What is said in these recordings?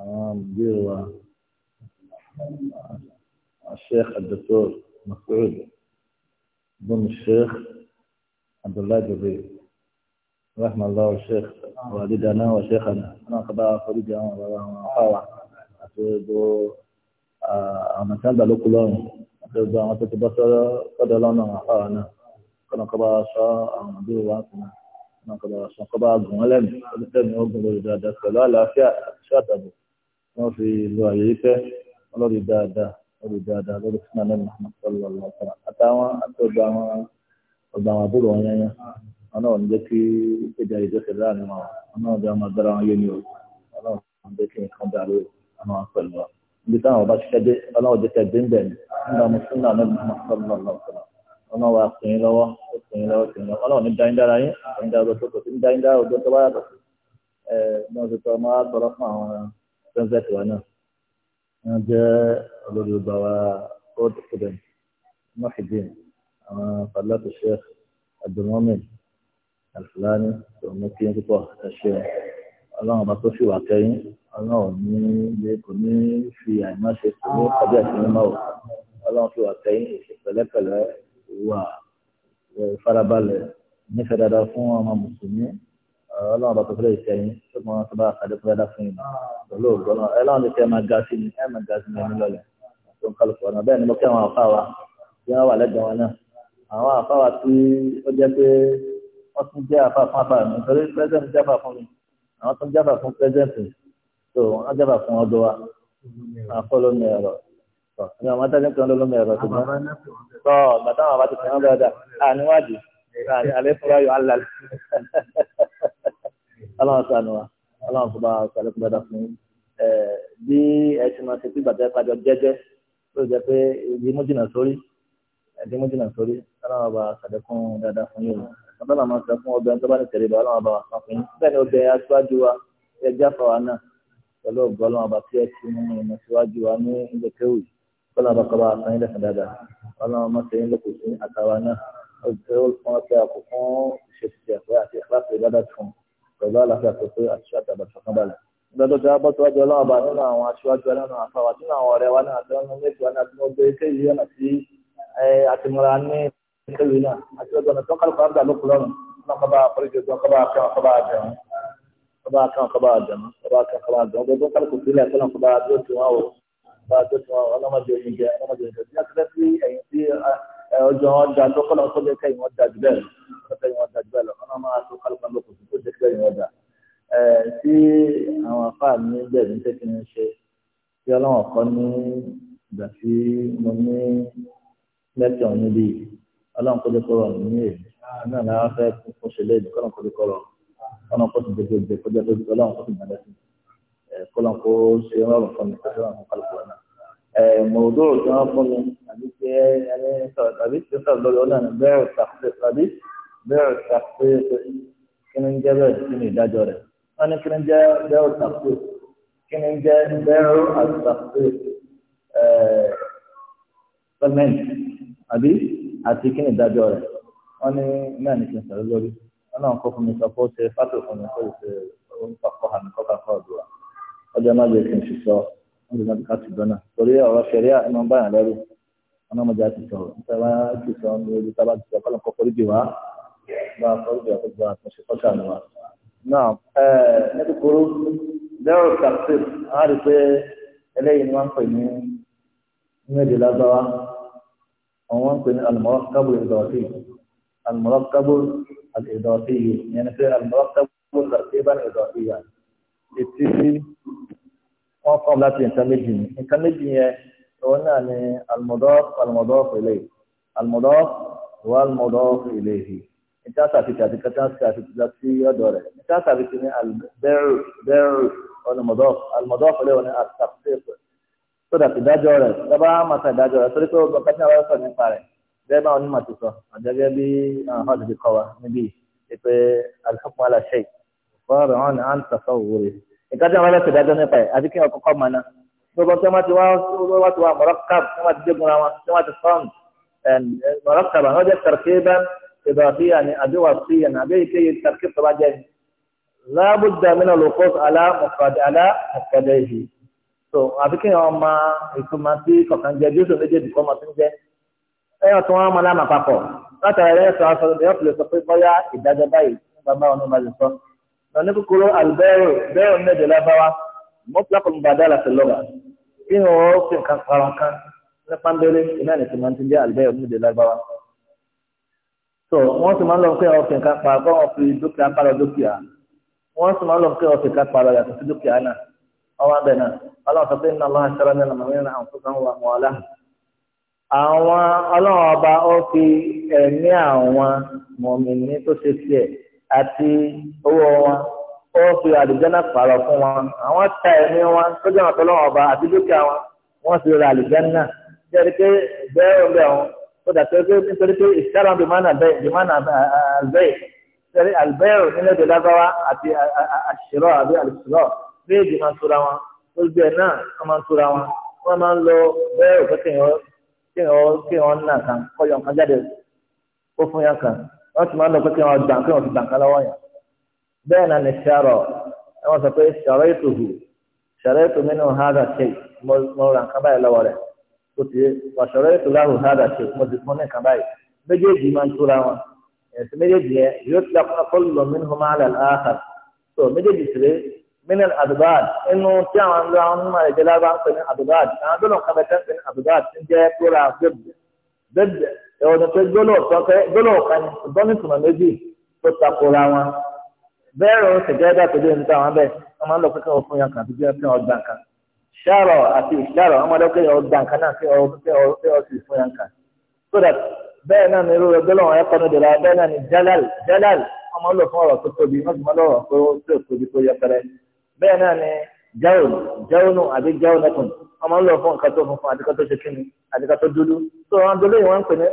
àwọn mùdírù wa الشيخ الدكتور مسعود بن الشيخ عبد الله جبريل رحم الله الشيخ والدنا وشيخنا انا قضاء فريد يوم وقاوة أتوبو أنا كان بلوك لون أتوبو أنا تتبصر قد لون وقاوة أنا كنا قضاء شاء مدير وقتنا كنا قضاء شاء قضاء أبو ملم أبو تبني أبو لجادة فلا لا فيها شاتبو wọ́n fi lo àyè yìí tẹ́ ọlọ́dún dáadáa lórí dáadáa lórí fún alẹ́ muhammed sallallahu alayhi wa sallam àtàwọn àtọ́gbà àwọn ọgbà àwọn àbúrò wọn yẹn wọn náà ní jẹ́ kí èdè àyèjọ́ ṣe láàrin wọn wọn náà jẹ́ ọmọ dára wọn yé ni o wọn náà ní jẹ́ kí nǹkan dà lórí wọn náà pẹ̀lú wa ibi táwọn ọba ṣiṣẹ́ dé wọn náà jẹ́ kí ẹgbẹ́ ń bẹ̀ ní nígbà mo fún alẹ́ muhammed sallallahu alayhi wọn náà wà sẹ́ńsẹ̀ tiwa náà wọ́n jẹ́ olórí ọba wa old student Muhyiddin àwọn fàlàtò Sheikh Abdulmumin Alfulani tó mú kí n púpọ̀ ẹ̀ṣẹ̀ ọlọ́run ọba tó fi wà kẹ́yìn ọlọ́run ní ilé kò ní fi àìmáṣe kò ní kọjá ìsinmi máa wò ọlọ́run fi wà kẹ́yìn ìṣèpẹ̀lẹ́pẹ̀lẹ́ wà farabalẹ̀ nífẹ̀ẹ́ dáadáa fún ọmọ mùsùlùmí ọlọ́run bá tó fẹ́lẹ́ ìṣẹ́ yín tó mọ tó bá àkàdé tó bá dá fún yín pẹ̀lú òògùn ọlọ́run ẹlọ́run lè fẹ́ máa ga sí ni ẹ máa ga sí ni ẹni lọ́lẹ̀ tó ń kálukú ọ̀nà bẹ́ẹ̀ ni mo kí àwọn àfa wa tí wọ́n wà lẹ́gbẹ̀ẹ́ wọn náà àwọn àfa wa tí ó jẹ́ pé wọ́n tún jẹ́ àfa fún àfa mi nítorí pẹ́sẹ́ǹtì jábà fún mi àwọn tún jábà fún pẹ́sẹ́ǹtì tó wọ́n jábà fún ọdọ wa àfọlọ́mì ẹ̀rọ ẹ̀rọ ọlọ́run sànù wa ọlọ́run kò bá sàlékún dáadáa fún bí ẹ ti máa ṣe pé gbàtẹ́ pàjọ jẹ́jẹ́ ó jẹ́ pé ìdí mú jìnnà sórí ìdí mú jìnnà sórí ọlọ́run bá sàlékún dáadáa fún yìí wọn bá máa sọ fún ọbẹ̀ tó bá ní tẹ̀lé bá ọlọ́run bá wà sàn fún yín bẹ́ẹ̀ ni ọbẹ̀ aṣáájú wa ẹ jáfa wa náà pẹ̀lú ọgbọ́n ọlọ́run bá tí ẹ ti mú ìmọ̀ síwájú wa ní ilé kéwì ọlọ́run bá kọ́ pẹ̀lú àlàáfíà tó pé àṣìṣe àtàbàtì ọ̀kan balẹ̀. Ìgbẹ́dọ̀ tí a bọ́ síwájú ọlọ́run bá nínú àwọn aṣíwájú nínú àfáwà nínú àwọn ọ̀rẹ́ wa náà tí wọ́n ń méjì wá náà tí wọ́n gbé kéyìí ọ̀nà tí àtìmọ́ra ní kéyìí náà àti ọjọ́ ọ̀nà tí wọ́n kálukú àgbà lókun lọ́rùn náà kọ́ bá àforíjì ojú ọkọ́ bá akẹ́wọ̀n kọ́ bá àjẹun kọ́ bá akẹ́wọ̀n kọ́ bá àjẹun kọ́ bá akẹ́wọ̀n kọ́ bá àjẹun gbogbo ọjọ́ wọn da tó kọ́nà tó lè kẹ́yìn wọn da jù bẹ́ẹ̀ lọ kẹ́yìn wọn da jù bẹ́ẹ̀ lọ kọ́nà máa tó kálukà lóko tó tó lè kẹ́yìn wọn da. tí àwọn afá mi bẹ̀rẹ̀ ní tẹ́kí ní ṣe tí ọlọ́wọ̀n kọ́ ní ìgbà tí mo ní lẹ́tọ̀ níbí ọlọ́run kó lè kọ́rọ̀ ní èyí náà láwọn fẹ́ kó ṣe léèdì kọ́nà kó lè kọ́rọ̀ kọ́nà kọ́nà kó ṣe موضوع يعني تناقض تبيت تصل لنا بيع التخصيص تبيت بيع التخصيص كنا نجيب كنا دادورة أنا كنا نجيب بيع التخصيص كنا نجيب بيع التخصيص فمن أبي أتي كنا دادورة أنا ما نكنا سألوري أنا أخاف من سفوت فاتو من سفوت أخاف من سفوت دوا من سفوت أخاف من سفوت wọ́n lè má bùkà tù gbọ́nà torí ọ̀rọ̀ ṣẹ̀ríà ẹ̀ máa ń báyàn lẹ́rù wọn náà mọ̀ já ti sọ̀rọ̀ níta bá ti sọ ní ojú tá a bá ti sọ kọ́lọ̀ kọ́kọ́ lóde wá bá a kọ́lọ̀ kọ́kọ́ gba àtúnṣe kọ́ṣà ni wa. náà ẹ ní kúkúrú lẹ́rù kàtìr rí pé eléyìí ni ń pè ní ní èdè lágbáwá àwọn ń pè ní al-murakkab al wọ́n kọ́ láti nǹkan méjì ni nǹkan méjì yẹn òun náà ni al-mudaf al-mudaf ilayh al-mudaf wa al-mudaf ilayhi nǹkan sàfihàn àti nǹkan sàfihàn láti ọ̀dọ̀ rẹ̀ nǹkan sàfihàn ni al-bẹ́rù bẹ́rù ọ̀nà mudaf al-mudaf ilayh ni àtàkùsẹ́fù tó dàtí dájọ́ rẹ̀ dábàá màtà dájọ́ rẹ̀ torí pé ó gbọ́dọ̀ kájà wáyé sọ nípa rẹ̀ bẹ́ẹ̀ bá onímọ̀ ti sọ àjẹgẹ́ bí ọ̀hún ti kọ́ wa níbí ìpè al-hukmu ala shay' far'un an tasawwurihi nǹkan tí wọn lọ sọdájọ nípa ẹ àti kí wọn kọ́kọ́ mọ náà gbogbo tí wọn ti wá wọn ti wá mọrọkàb tí wọn ti dégun ra wọn tí wọn ti fọm mọrọkàb àwọn jẹ tẹrẹkẹbẹ ìdọ̀fíà ni àdéhùn àfíà ni àbẹ́yẹ kéye tẹrẹkẹbẹ tó bá jẹ ni láàbù dàmínà lókòs àlá mọ̀kàdé àlá mọ̀kàdé yìí so àbí kí wọn máa ìtumọ̀ sí kọ̀kan jẹ bí ó sì méjèèjì kọ́ máa ti ń jẹ ẹ̀yọ̀ tí wọ́n máa lámà papọ̀ látàrí ẹ̀yọ̀ tí wọ́n ní kúkúrú albẹ́rù bẹ́rù méje lábáwá mọ́tàkùn bàdá láti lọ́ba kí ni wọ́n fi nǹkan para kan ní pàndélé iná ní ti máa ti jẹ́ albẹ́rù méje so wọ́n sì máa ń lọ pé wọ́n fi nǹkan para kọ́ wọ́n fi dúkìá para dúkìá wọ́n sì máa ń lọ pé wọ́n fi nǹkan para yàtọ̀ sí dúkìá náà ọwọ́ abẹ náà ọlọ́run sọ pé iná lọ́wọ́ aṣọ ní ọmọbìnrin àwọn fúnkan wà mọ́ àwọn ọlọ́run ọba ó fi ẹ̀mí àwọn mọ̀mìnì tó ṣe tiẹ̀ àti owó wọn ó fi àlùjáná pààrọ̀ fún wọn àwọn ta ẹ̀mí wọn sójú àwọn tọ́lọ́wọ́n ọba àti dúkìá wọn wọ́n fi ra àlùjáná jẹ́rìí pé bẹ́ẹ̀ ń bẹ̀ wọn ó dàtọ́ pé nítorí pé ìṣẹ́ra bìmánà bẹ́ẹ̀ bìmánà bẹ́ẹ̀ sẹ́rí àlùbẹ́ẹ̀rù nílẹ̀ èdè lágbáwá àti àṣìrọ̀ àbí àlùṣìrọ̀ méjì máa ń tura wọn gbogbo ẹ̀ náà wọ́n máa ń tura wọn wọ́n máa ń lo bẹ́ẹ̀rù pé kéèyàn kéèyàn kéèyàn náà kan kọ́ yọ̀ǹkan jáde ó fún yàn kan wọ́n ti máa ń lọ pé kí wọ́n gbà kí wọ́n ti gbàǹkà lọ́wọ́ yẹn bẹ́ẹ̀ náà ni ṣàrọ̀ ẹ wọ́n sọ pé ṣàrọ̀ ètò hù ṣàrọ̀ ètò mi nù hádà ṣe mo ra nǹkan báyìí lọ́wọ́ rẹ̀ ó ti wà ṣàrọ̀ ètò láhù hádà ṣe mo ti fún ní nǹkan báyìí méjèèjì máa ń túra wọn ẹ̀sìn méjèèjì yẹn yóò ti dàpọ̀ kọ́lù mínú mínú àdùbáàd inú ẹ̀wọ̀n tó pé gbólóò kan ní ṣùgbọ́n ní ìtumọ̀ méjì tó takora wọn bẹ́ẹ̀ rò ṣèjẹ́dá tó dé níta wọn bẹ́ẹ̀ wọ́n máa ń lọ pé káwọn fún yàn kàn àtijọ́ kí wọ́n gbà kan ṣàrọ̀ àti ìṣàrọ̀ wọ́n máa lọ pé yàn gbà kan náà kí wọ́n sì fún yàn kàn so that bẹ́ẹ̀ náà ni irú rẹ̀ gbólóò wọn ẹ̀kọ́ ní dèrè bẹ́ẹ̀ náà ni jalal jalal wọ́n máa ń lọ fún ọ̀rọ̀ tó tóbi wọ́n sì máa lọ́rọ̀ tó tóbi tó yẹpẹrẹ bẹ́ẹ̀ náà ni jaun jaunu àbí jaunatun wọ́n máa ń lọ fún nǹkan tó funfun àti kan tó ṣe kíni àti kan tó dúdú so àwọn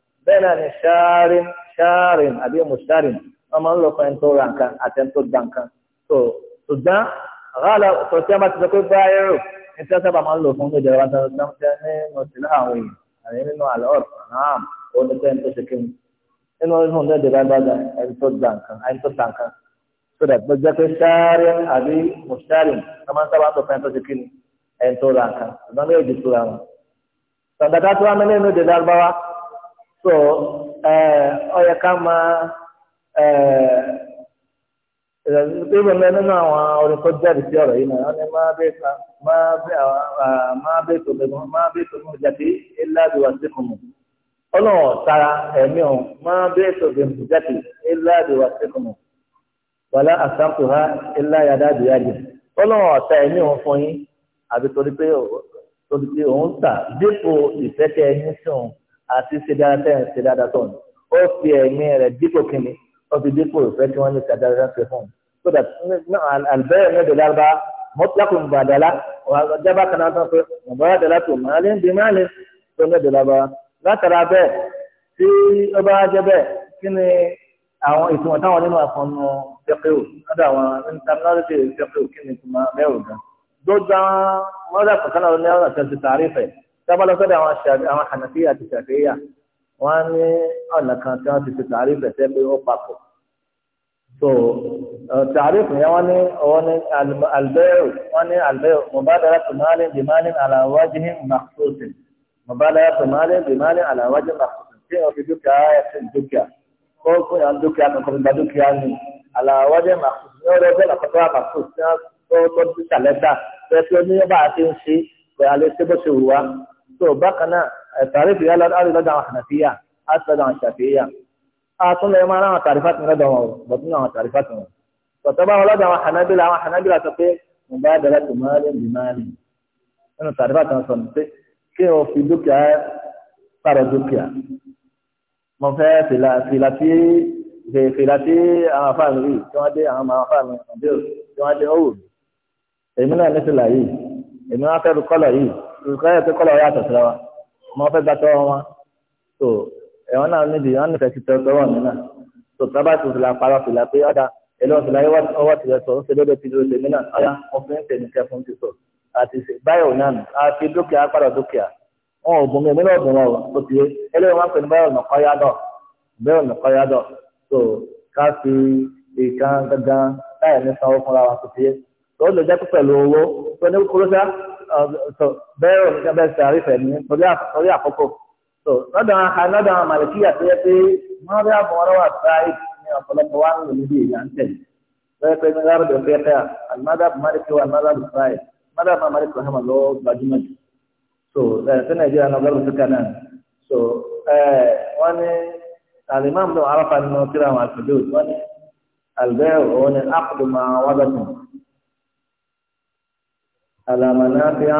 bẹ́ẹ̀ náà ni ṣáárin ṣáárin àbí mùsáárin wọ́n máa ń lọ fún ẹni tó ra nǹkan àti ẹni tó gba nǹkan tó ṣùgbọ́n àgàlà tòṣìṣẹ́ máa ti sọ pé báyìí ní tí wọ́n sábà máa ń lò fún ní ìjọba tó ń tẹ́ nínú sílá àwọn èèyàn àti nínú àlọ́ ọ̀sán náà ó ní pé ẹni tó ṣe kéwì nínú ọdún ọdún ẹ̀dẹ̀ lágbàdà ẹni tó gba nǹkan ẹni tó ta nǹkan tó so eh, ó yẹ ká máa ìrọ̀lẹ́gbẹ̀rún eh, eh, nínú àwọn orin tó jáde sí ọ̀rọ̀ yìí náà wọ́n ní máa bẹ́ẹ̀ sá máa bẹ́ẹ̀ tó bẹ́ẹ̀ máa bẹ́ẹ̀ tó bẹ́ẹ̀ jáde ẹ̀láàdùwà sí kùmù ọlọ́run ọ̀tara ẹ̀mí ọ̀hún máa bẹ́ẹ̀ tó bẹ́ẹ̀ jáde ẹ̀láàdùwà sí kùmù wàlá àsáǹtò ha ẹ̀láyàdá àdìyàjẹ ọlọ́run ọ̀tá ẹ̀mí ọ̀hún fún yín àbí torí pé òun tà dípò ìfẹ́kẹ́ ẹ̀mí sí òun àti ṣe dáadáa tẹ́ ẹ̀ ṣe dáadáa tọ̀ ni ó fi ẹ̀mí rẹ̀ dípò kínní ó fi dípò ìfẹ́ tí wọ́n ní ṣe dáadáa ṣe fún un so that àlùbẹ́rẹ̀ mẹ́jọ lárúbá mọ́tàkùn gbàdàlá ọ̀jábá kan náà tán pé ọ̀bọ̀rọ̀ dàlá tó máa lé bí máa lé tó mẹ́jọ lárúbá látara bẹ́ẹ̀ tí ó bá jẹ́ bẹ́ẹ̀ kí ni àwọn ìtumọ̀ táwọn onímọ̀ àfọ̀nù fẹ́kẹ́ ò lọ́dọ̀ àwọn international fẹ́kẹ́ ò kí ni ìtumọ̀ bẹ́ẹ̀ ò gan gbogbo mọ́tàkùn kan náà ní ọ̀nà tẹ̀sí tààrífẹ̀ẹ́ tábàlọ́ sọ́dọ̀ àwọn hànàfíà àti ṣàfíà wọ́n ní ọ̀nà kan tí wọ́n ti fi tààrí fẹ̀sẹ̀ pé ó papọ̀ so tààrí fún yẹn wọ́n ní wọ́n ní albẹ́rù wọ́n ní albẹ́rù mọ̀bádàrà tòmálì bìmálì àlàwájì màkúsì mọ̀bádàrà tòmálì bìmálì àlàwájì màkúsì tí wọ́n fi dúkìá ẹ̀sìn dúkìá kó fún yàn dúkìá kankan gba dúkìá ni àlàwájì màkúsì ní ọ̀rọ̀ ọ̀gbẹ́ nàkọ́tọ́ àmàkúsì tí wọ́n tó tó dúkìá lẹ́tà fẹ́ẹ́ tí ó ní tó bákan náà tàrífù yálà àrílọ́dọ̀ àwọn ànàfíyà àtìlọ́dọ̀ àwọn ṣàfíyà àtúnlẹ̀ máa ń àwọn tàrífà tí lọ́dọ̀ wọn bọ̀tún àwọn tàrífà tí wọn. tọ̀tọ̀ bá wọn lọ́dọ̀ àwọn hànábìlà àwọn hànábìlà sọ pé mo bá dẹ̀rẹ́ tó máa lé bí máa lè nínú tàrífà tí wọn sọ pé kí o fi dúkìá pàrọ̀ dúkìá mo fẹ́ fìlà tí fìlà tí àwọn afáàmì rí tí wọ́n dé àwọn afáàmì ọ̀dẹ́ tí wọ́n dé ọ̀wọ̀ èmi náà ní fìlà yìí èmi náà fẹ́ kọ́lọ̀ yìí nǹkan yẹ pé kọ́lọ̀ yàtọ̀ síra wa mo fẹ́ gba tọwọ́ wọn tó ẹ̀wọ̀n náà nídìí wọn nífẹ̀ẹ́ sí tọwọ́ mi náà tó tábà tó fìlà parọ́ fìlà pé ọ̀dà ẹ̀lọ́ fìlà yẹ ọwọ́ tìlẹ̀ sọ ó ṣe dédé ti dúró tèmi náà ọ̀yà òfin tèmi kẹ́ fún ti sọ àti báyọ̀ náà àti dúkìá pàrọ̀ dúkìá wọn ò bùnmi èmi náà bùn wọn o ti yé eléyìí wọn pè ní báyọ̀ nà kọ́yádọ̀ báyọ̀ nà kọ́yádọ̀ tó ká fi ìkan gangan láì ní sanwó fúnra wa tó ti yé tó lè jẹ́ pẹ̀lú owó tó bẹ́ẹ̀rọ nígbà bẹ́ẹ̀ sàárì fẹ̀mí torí àkókò so lọ́dọ̀ anọ́dọ̀ àwọn màlìkíyà tó yẹ pé wọ́n rí àbọ̀ wọn lọ́wọ́ àtàrí ní ọ̀pọ̀lọpọ̀ wa ń lò níbi ìyá ń tẹ̀lé bẹ́ẹ̀ pé ní rárá bẹ̀rẹ̀ fẹ́ alimadabu màlìkí wa alimadabu fáì madabu màlìkí wa hàmà gbajúmọ̀ jù so ẹ̀sìn nàìjíríà náà gbọ́dọ̀ tó kánà so wọ́n ní alimami náà arafa nínú kíra àwọn àtúndò wọ́n ní albert òun ní على منافع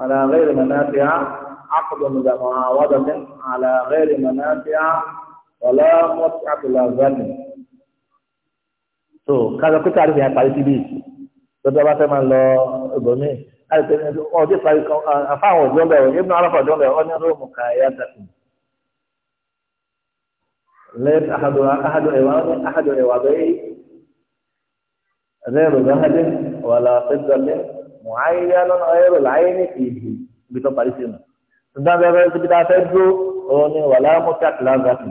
على غير منافع عقد معاوضة على غير منافع ولا متعة لازم so kájọ pé káàdì fi hàn parí síbí lọ́dọ̀ bá fẹ́ máa lọ ìbòmí ọdún parí kan àfáwọn òjò bẹ̀rù ibùdó aláfọ̀ òjò bẹ̀rù ọ́nà róòmù ká ẹ̀yà dàkùn. lẹ́t ahadùn ẹ̀wà ahadùn ẹ̀wà bẹ́ẹ̀ rẹ́rù gáhádé wàlà fẹ́dọ̀lẹ́ mọ̀háyíyá lọ́nà ẹ̀rọ láyé ní ìhì ibi tó parí sí nù. ṣùgbọ́n bí abẹ́rẹ́ síbi tá a fẹ́ dúró òun ni wà láàmú tí a kìlá ń gbàtì.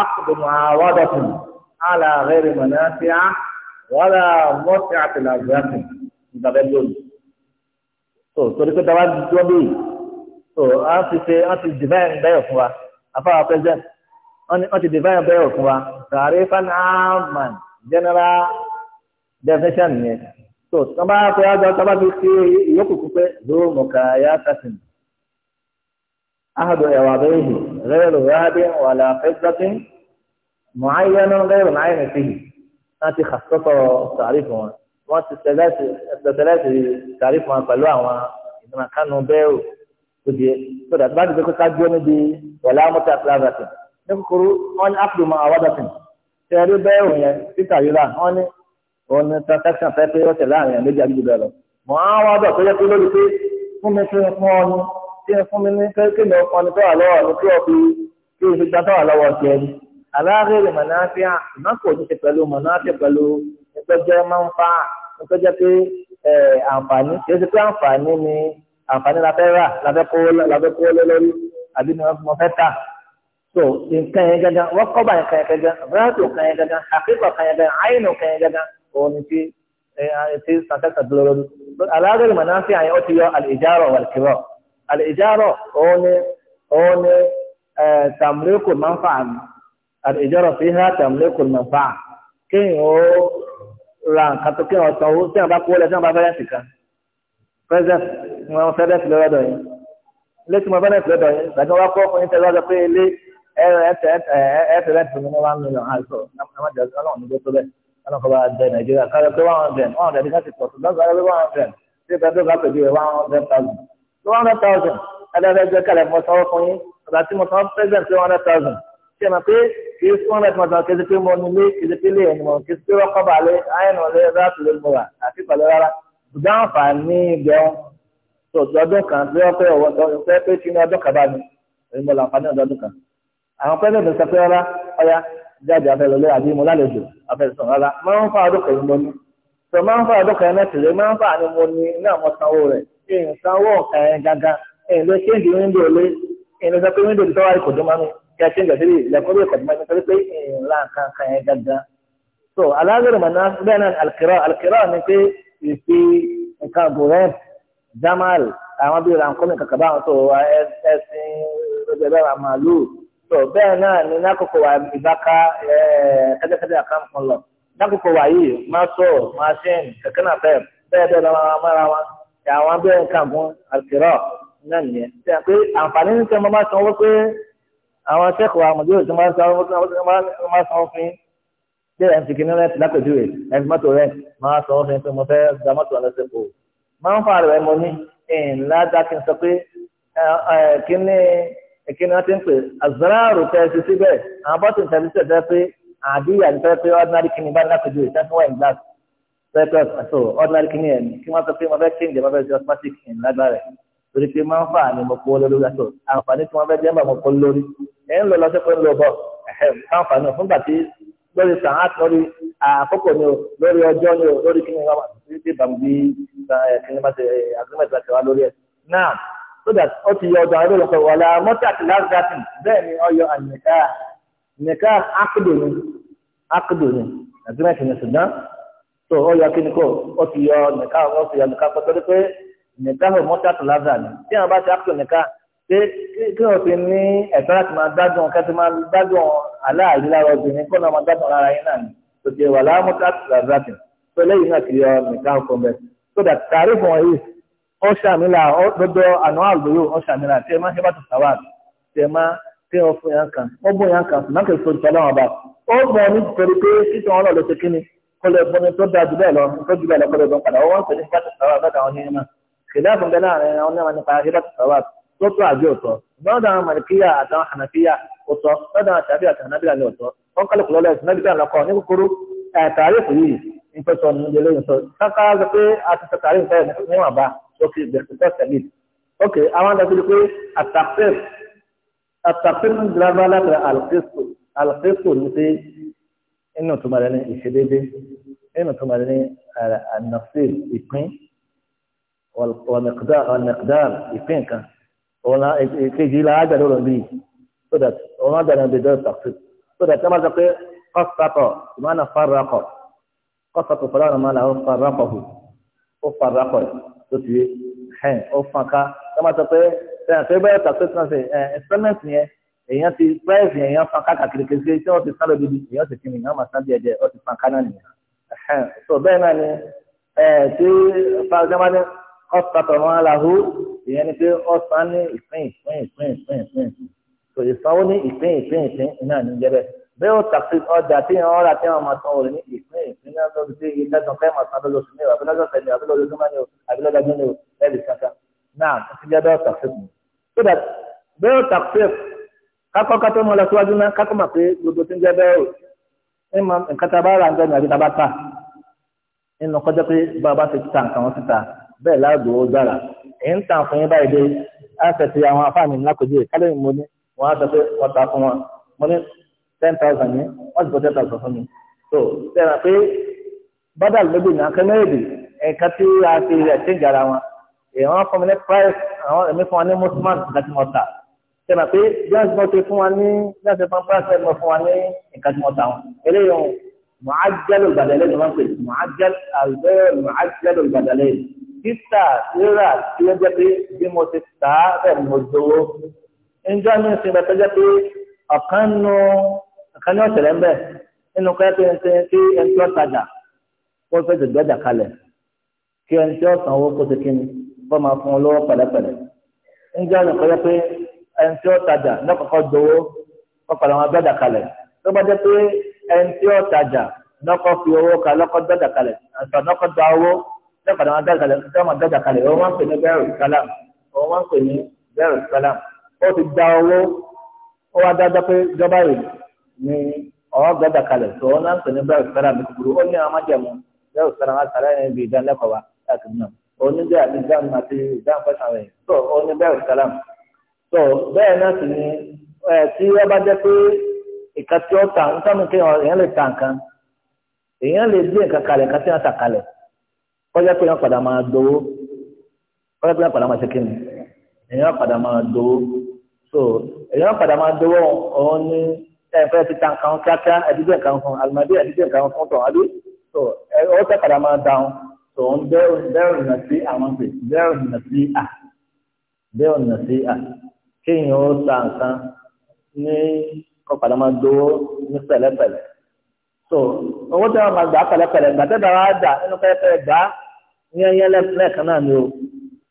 akùdùn àwọ̀dọ̀tún àlà rẹ̀rẹ̀ mọ̀nà sí á wọ́n là mọ́ tí a kìlá ń gbàtì nígbà bẹ́ẹ̀ divine bẹ́ẹ̀ fún wa afáwa president wọ́n ti divine bẹ́ẹ̀ fún wa tàrí general definition yẹn tó sábà fẹ́ àjọ sábà fi ṣe ìyókù pípẹ́ ló mọ̀ká yá sàtìn ahadu ẹ̀wà bẹ́ẹ̀ yìí rẹ́rù ráàdì wàlà fẹ́sàtì mọ̀áyánú rẹ́rù náírà sí yìí láti kàtọ́tọ̀ tàrí fún wọn wọ́n ti tẹ̀lẹ́sì tàrí fún wọn pẹ̀lú àwọn ìdúnà kánú bẹ́ẹ̀rù tó di tó dàtí bá ti ká jọ́ níbi wàlà mọ́tà plazatin ní kúkúrú wọ́n ní ápùlùmọ̀ àwọ́dọ̀tìn tẹ̀rí bẹ́ẹ̀rù yẹn títà rírà wọ́n ní ọ̀nà transaction fẹ́ pé ọ̀sẹ̀ láàrin àmì ìjà gbígbà lọ. mọ̀ á wá bọ̀ tó yẹ pé lórí pé fún mi kí n fún ọ ní kí n fún mi ní kí kí ni ọkọ ní tó wà lọ́wọ́ ní kí ọ̀fi kí n fi gbà tó wà lọ́wọ́ ti ẹni. aláàrẹ mọ̀nàáfíà ìmọ̀kò ní ti pẹ̀lú mọ̀nàáfíà pẹ̀lú nípa máa ń fa nípa ni àǹfààní la fẹ́ rà la fẹ́ kó lé lórí so nǹkan yẹn gangan wọ́n kọ́ bá nǹkan yẹn gangan rẹ́ẹ̀tù kan yẹn gangan àkíkọ̀ kan yẹn gangan àyìnù kan yẹn gangan ونسي في سكت الدولار على هذا المنافع يأتي الإجارة والكراء الإجارة هون هون تملك المنفعة الإجارة فيها تملك المنفعة كين هو ran kan tó kí wọn sanwó tí wọn bá kó lẹ tí wọn bá fẹrẹ sí kan president wọn fẹrẹ sí lọ́dọ̀ yìí ilé tí wọn fẹrẹ sí lọ́dọ̀ yìí gbàgbé wọn kọ ọkùnrin tẹ́lẹ̀ lọ́dọ̀ pé ilé ẹ ẹ ẹ ẹ ẹ fẹrẹ sí ní one million àìsàn ẹ má jẹ Ọlọ́run ní gbé tó bẹ́ẹ̀ ọlọ́kọ̀ bá dẹ nàìjíríà kárẹ́ pé one hundred one hundred ká ti pọ̀ sí lọ́sọ̀ kárẹ́ pé one hundred ṣé pẹ́ tó bá pèjú rẹ̀ one hundred thousand tó one hundred thousand adájọ́ kálẹ̀ mọ sanwó fún yín ọ̀gá tí mo sanwó present pé one hundred thousand ṣé ma pé kì í fún rẹ̀ mọ̀tàn kì í pé mo nílé kì í pé lè ẹni mọ̀ kì í pé rọ́kọ̀ bá lé àyẹ̀nù lé láti lè mọ̀ wá àti pẹ̀lú rárá ṣùgbọ́n àǹfààní jáde afẹ́lọ́lẹ́ àbí mo lálejò afẹ́sàn rárá máa ń fa àdókòyí mo ní sọ máa ń fa àdókòyí mẹ́tìlẹ́ máa ń fa àní mo ní náà mo sanwó rẹ̀ èyí sanwó ọ̀kà yẹn gangan èyí ló ṣe ń di wíńdò lé èyí ló sọ pé wíńdò tó wà ní kòdùmánú kí a ṣe ń gàdúrà ìlẹ̀kùn lè kòdùmánú torí pé èyí ńlá nǹkan kan yẹn gangan. so aláàbẹ̀rẹ̀ mọ̀ náà bẹ́ẹ̀ náà alkira tó bẹ́ẹ̀ náà ni lákòókò wa ìbáka kẹ́tẹ́kẹ́tẹ́ àkàǹkan lọ lákòókò wa yìí mọ́tò máṣíìnì kẹ̀kẹ́ náà bẹ́ẹ̀ bẹ́ẹ̀ bẹ́ẹ̀ lọ́wọ́ mọ́ra wa àwọn abẹ́rẹ́ nǹkan fún àkìrọ̀ náà nìyẹn. ṣe à pé àǹfààní ní sẹ́wọ́n máa sanwó pé àwọn akẹ́kọ̀ọ́ àmọ̀dé òsì máa sanwó pé wọ́n máa sanwó fún bí ẹ̀ ń fi kíní rẹ̀ lápèjúwe ẹ̀ ń fi mọ́tò rẹ̀ máa sanwó fún pé mo fẹ́ gba mọ́tò alẹ́sẹ̀kọ̀. máa ń fa rẹ̀ mo ní ńlá dákin sọ pé kíní kí ni wọ́n ti ń pè azararu tẹ́sí síbẹ̀ àwọn bọ́tìn tẹ́sí tẹ́sí pé àdíyà ní tẹ́sí ordinary kini bá nílá kojú ìtẹ́sí wáyé glass purpose so ordinary kini ẹ̀ kí wọ́n sọ pé mo fẹ́ change mo fẹ́ ṣe automatic in lágbára ẹ̀ torí pé máa ń fà ní mo kó lórí aṣọ àǹfààní tí wọ́n fẹ́ jẹ́ ń bà mo kó lórí ẹ̀ ń lọ lọ sẹ́kọ̀ọ́ ń lọ bọ̀ àǹfààní fúngbà ni o lórí ni o lórí kí ni wọ́n máa ti bàmù bí kí ni wọ́n so that ó ti yọ ọdọ àrẹ lọkọ wàlá mọtàkì lásìkò bẹ́ẹ̀ ni ó yọ àyẹká àyẹká ákìdò ni ákìdò ni agreement ni ṣùgbọ́n so ó yọ kíni kó ó ti yọ àyẹká ó ti yọ àyẹká pẹ̀lú pé àyẹká ó mọtàkì lásìkò ni tí wọn bá ti ákìdò àyẹká pé kí wọn fi ní ẹ̀tọ́ láti máa gbádùn kí wọn máa gbádùn aláàyè lára obìnrin kó náà máa gbádùn ara yín náà ni so ti wàlá mọtàkì lásìkò pẹ̀lú èyí náà ti yọ àyẹká ọkọ bẹ́ẹ̀ so that tarif fún wọn yìí ọ̀ṣàmìlà dọ́dọ̀ àná àlùyò ọ̀ṣàmìlà tí ẹ máa ń ṣe bá ti sàwà tí ẹ máa tí ẹ fún yàn kan ó bùn yàn kan ṣùgbọ́n kì í sojú ọlọ́run ọba ó mọ ní torí pé títí wọn lọ́ọ́ lọ ṣe kíni kọlẹ̀ bọ́ni tó da jù bẹ́ẹ̀ lọ tó jù bẹ́ẹ̀ lọ kọlẹ̀ bọ́n padà wọ́n ń pè ní bá ti sàwà bẹ́ẹ̀ àwọn yẹn náà kìlẹ̀ àfọ̀nbẹ́ láàrin àwọn náà nípa ṣe bá ti sàwà tó tó ní ọ̀tọ̀ wọ́n kálukú اوكي باختصار سبيل اوكي انا بدي اقول التقسيم التقسيم درابا لا القسط القسط نسي انه تمارين الشديد انه تمارين النصيب يقين والمقدار والمقدار يقين كان ولا تجي لا عدد ولا بي so that وما دنا بدون تقسيط so that كما تقول قسط بمعنى فرق قسط فلان ما له فرقه وفرقه tó ti hẹ́n ó fọn ká ká máa sọ pé sẹ́yìn pé bẹ́ẹ̀ tàbí tó ń sè ẹ̀ experiment yẹn èèyàn ti price yẹn èèyàn fọn ká kàkiri kiri tí wọ́n ti sá lọ bíbí èèyàn ti kíni èèyàn máa sá díẹ̀ díẹ̀ ó ti fọn ká náà nìyẹn ẹ̀hẹ́n tó bẹ́ẹ̀ náà ni ẹ̀ tí fàgbẹ́mọ́ni ọ̀sàtọ̀ máa la hó ìyẹn ni pé ọ̀sán ní ìpín ìpín ìpín ìpín ìpín bẹ́ẹ̀ ó tàbí ọjà tí wọ́n rà tí wọ́n máa san òrìn ní ìpín ìpín náà lọ sí ilé ẹ̀sán fẹ́ẹ́ máa san lọ́dọ̀ sí mẹ́wàá àbí lọ́dọ̀ sẹ́ni àbí lọ́dọ̀ sọ́mọ́ni o àbí lọ́dọ̀ gbẹ́ni o ẹ̀rì kankan náà ti jẹ́ bẹ́ẹ̀ ó tàbí mu. kódà bẹ́ẹ̀ ó tàbí kákọ́ ká tó mọ lọ síwájú náà kákọ́ mà pé gbogbo tí ń jẹ́ bẹ́ẹ̀ o ẹ mọ nǹkan tá a bá rà ń gbẹ́ni àbí tá a bá tà nínú kọjá pé bàbá ti ta nǹkan wọn síta bẹ́ẹ̀ láàgbò ó dára èyí ń tàn fún yín báyìí dé á fẹ̀ sí àwọn afáàmì ńlá kò díẹ̀ kálẹ̀ ìmọ̀ ni wọ́n á sọ pé ta fún wọn mo ní ten thousand yẹn wọ́n ti thousand fún mi so sẹ́ra pé bọ́dà lóbi náà kẹ́mẹ́rẹ́dì ẹ̀ka tí a ti ẹ̀ṣẹ̀ǹjì ara wọn èèyàn fún mi ní price àwọn èmi fún wa ní mosman láti mọ̀ ta sẹ́ra pé jones náà ti fún wa ní jones fún price ẹ̀ mọ̀ fún wa ní nǹkan tí mọ̀ ta wọn eléyìí ohun mọ̀ájálù gbàdálẹ́ ni wọ́n pè mọ̀ájálù àgbẹ̀ mọ̀ájálù gbàdálẹ́ títà rírà tí ó jẹ́ pé bí mo ti tà á bẹ́ẹ̀ mo dowó ń mi sí ìgbà pé ọ̀kan nu àkànní ọ̀sẹ̀lẹ̀ ń bẹ̀ nínú kọ́ pé ẹni tí ẹni tí ó tajà kó fẹ́ tètè gbẹ́jà kalẹ̀ kí ẹni tí ó san owó kó ti kí ni kó máa fún ọ lọ́wọ́ pẹ̀lẹ́pẹ̀lẹ́ ńjẹ́ ọ̀nà kọ́ pé ẹni tí ó tajà lọ́kọ̀ọ́kọ́ dowó kó padà wọn gbẹ́jà kalẹ̀ tó bá jẹ́ pé ẹni tí ó tajà lọ́kọ̀ fi owó ka lọ́kọ̀ gbẹ́jà kalẹ̀ àtọ̀ lọ́kọ̀ gba owó lọ́kọ̀ wọn gbẹ́jà kalẹ̀ wọ́n máa ń pè ní bẹ́ẹ̀rù sálàm wọ́n máa ń pè ní bẹ́ẹ̀rù sálàm ó ti gba owó ó wá dájọ́ pé jọba yìí ni ọ̀rọ̀ gbọ́dọ̀ kalẹ̀ tó wọn náà ń bẹ́ẹ̀ sọ́ra mi kúkúrú ó ní amájẹ̀mú bẹ́ẹ̀ sọ́ra wọn sàrẹ́ ní ibi ìdánilẹ́kọ̀ọ́ wa láti náà ó ní bẹ́ẹ̀ àti ìdáhùn àti ìdáhùn fẹ́sàn rẹ̀ tó ó ní bẹ́ẹ̀ tó bẹ́ẹ̀ náà sì ni tí wọ́n bá jẹ́ pé ìka tí ó ta ń kí èèyàn lè ta nǹkan èèyàn lè nǹkan kalẹ̀ tí wọ́n ta kalẹ̀ ẹ̀fẹ́ ti ta nǹkan kíákíá ẹ̀dígbò nǹkan fún alimadi ẹ̀dígbò nǹkan fún tọ̀ adé tó ẹ ọ sẹ́kàdá máa dáhùn tó ń bẹ́ẹ̀rù bẹ́ẹ̀rù nà sí àwọn pè bẹ́ẹ̀rù nà sí à bẹ́ẹ̀rù nà sí à kéèyàn ó ta nǹkan ní kọ́kàdá máa dówó ní pẹ̀lẹ́pẹ̀lẹ́ tó owó tí wọ́n máa gbà pẹ̀lẹ́pẹ̀lẹ́ gbàtẹ́gbà wa dà nínú pẹ́ẹ́pẹ́ẹ́ gbà yẹ́nyẹ́ lẹ́ẹ̀kan náà ni o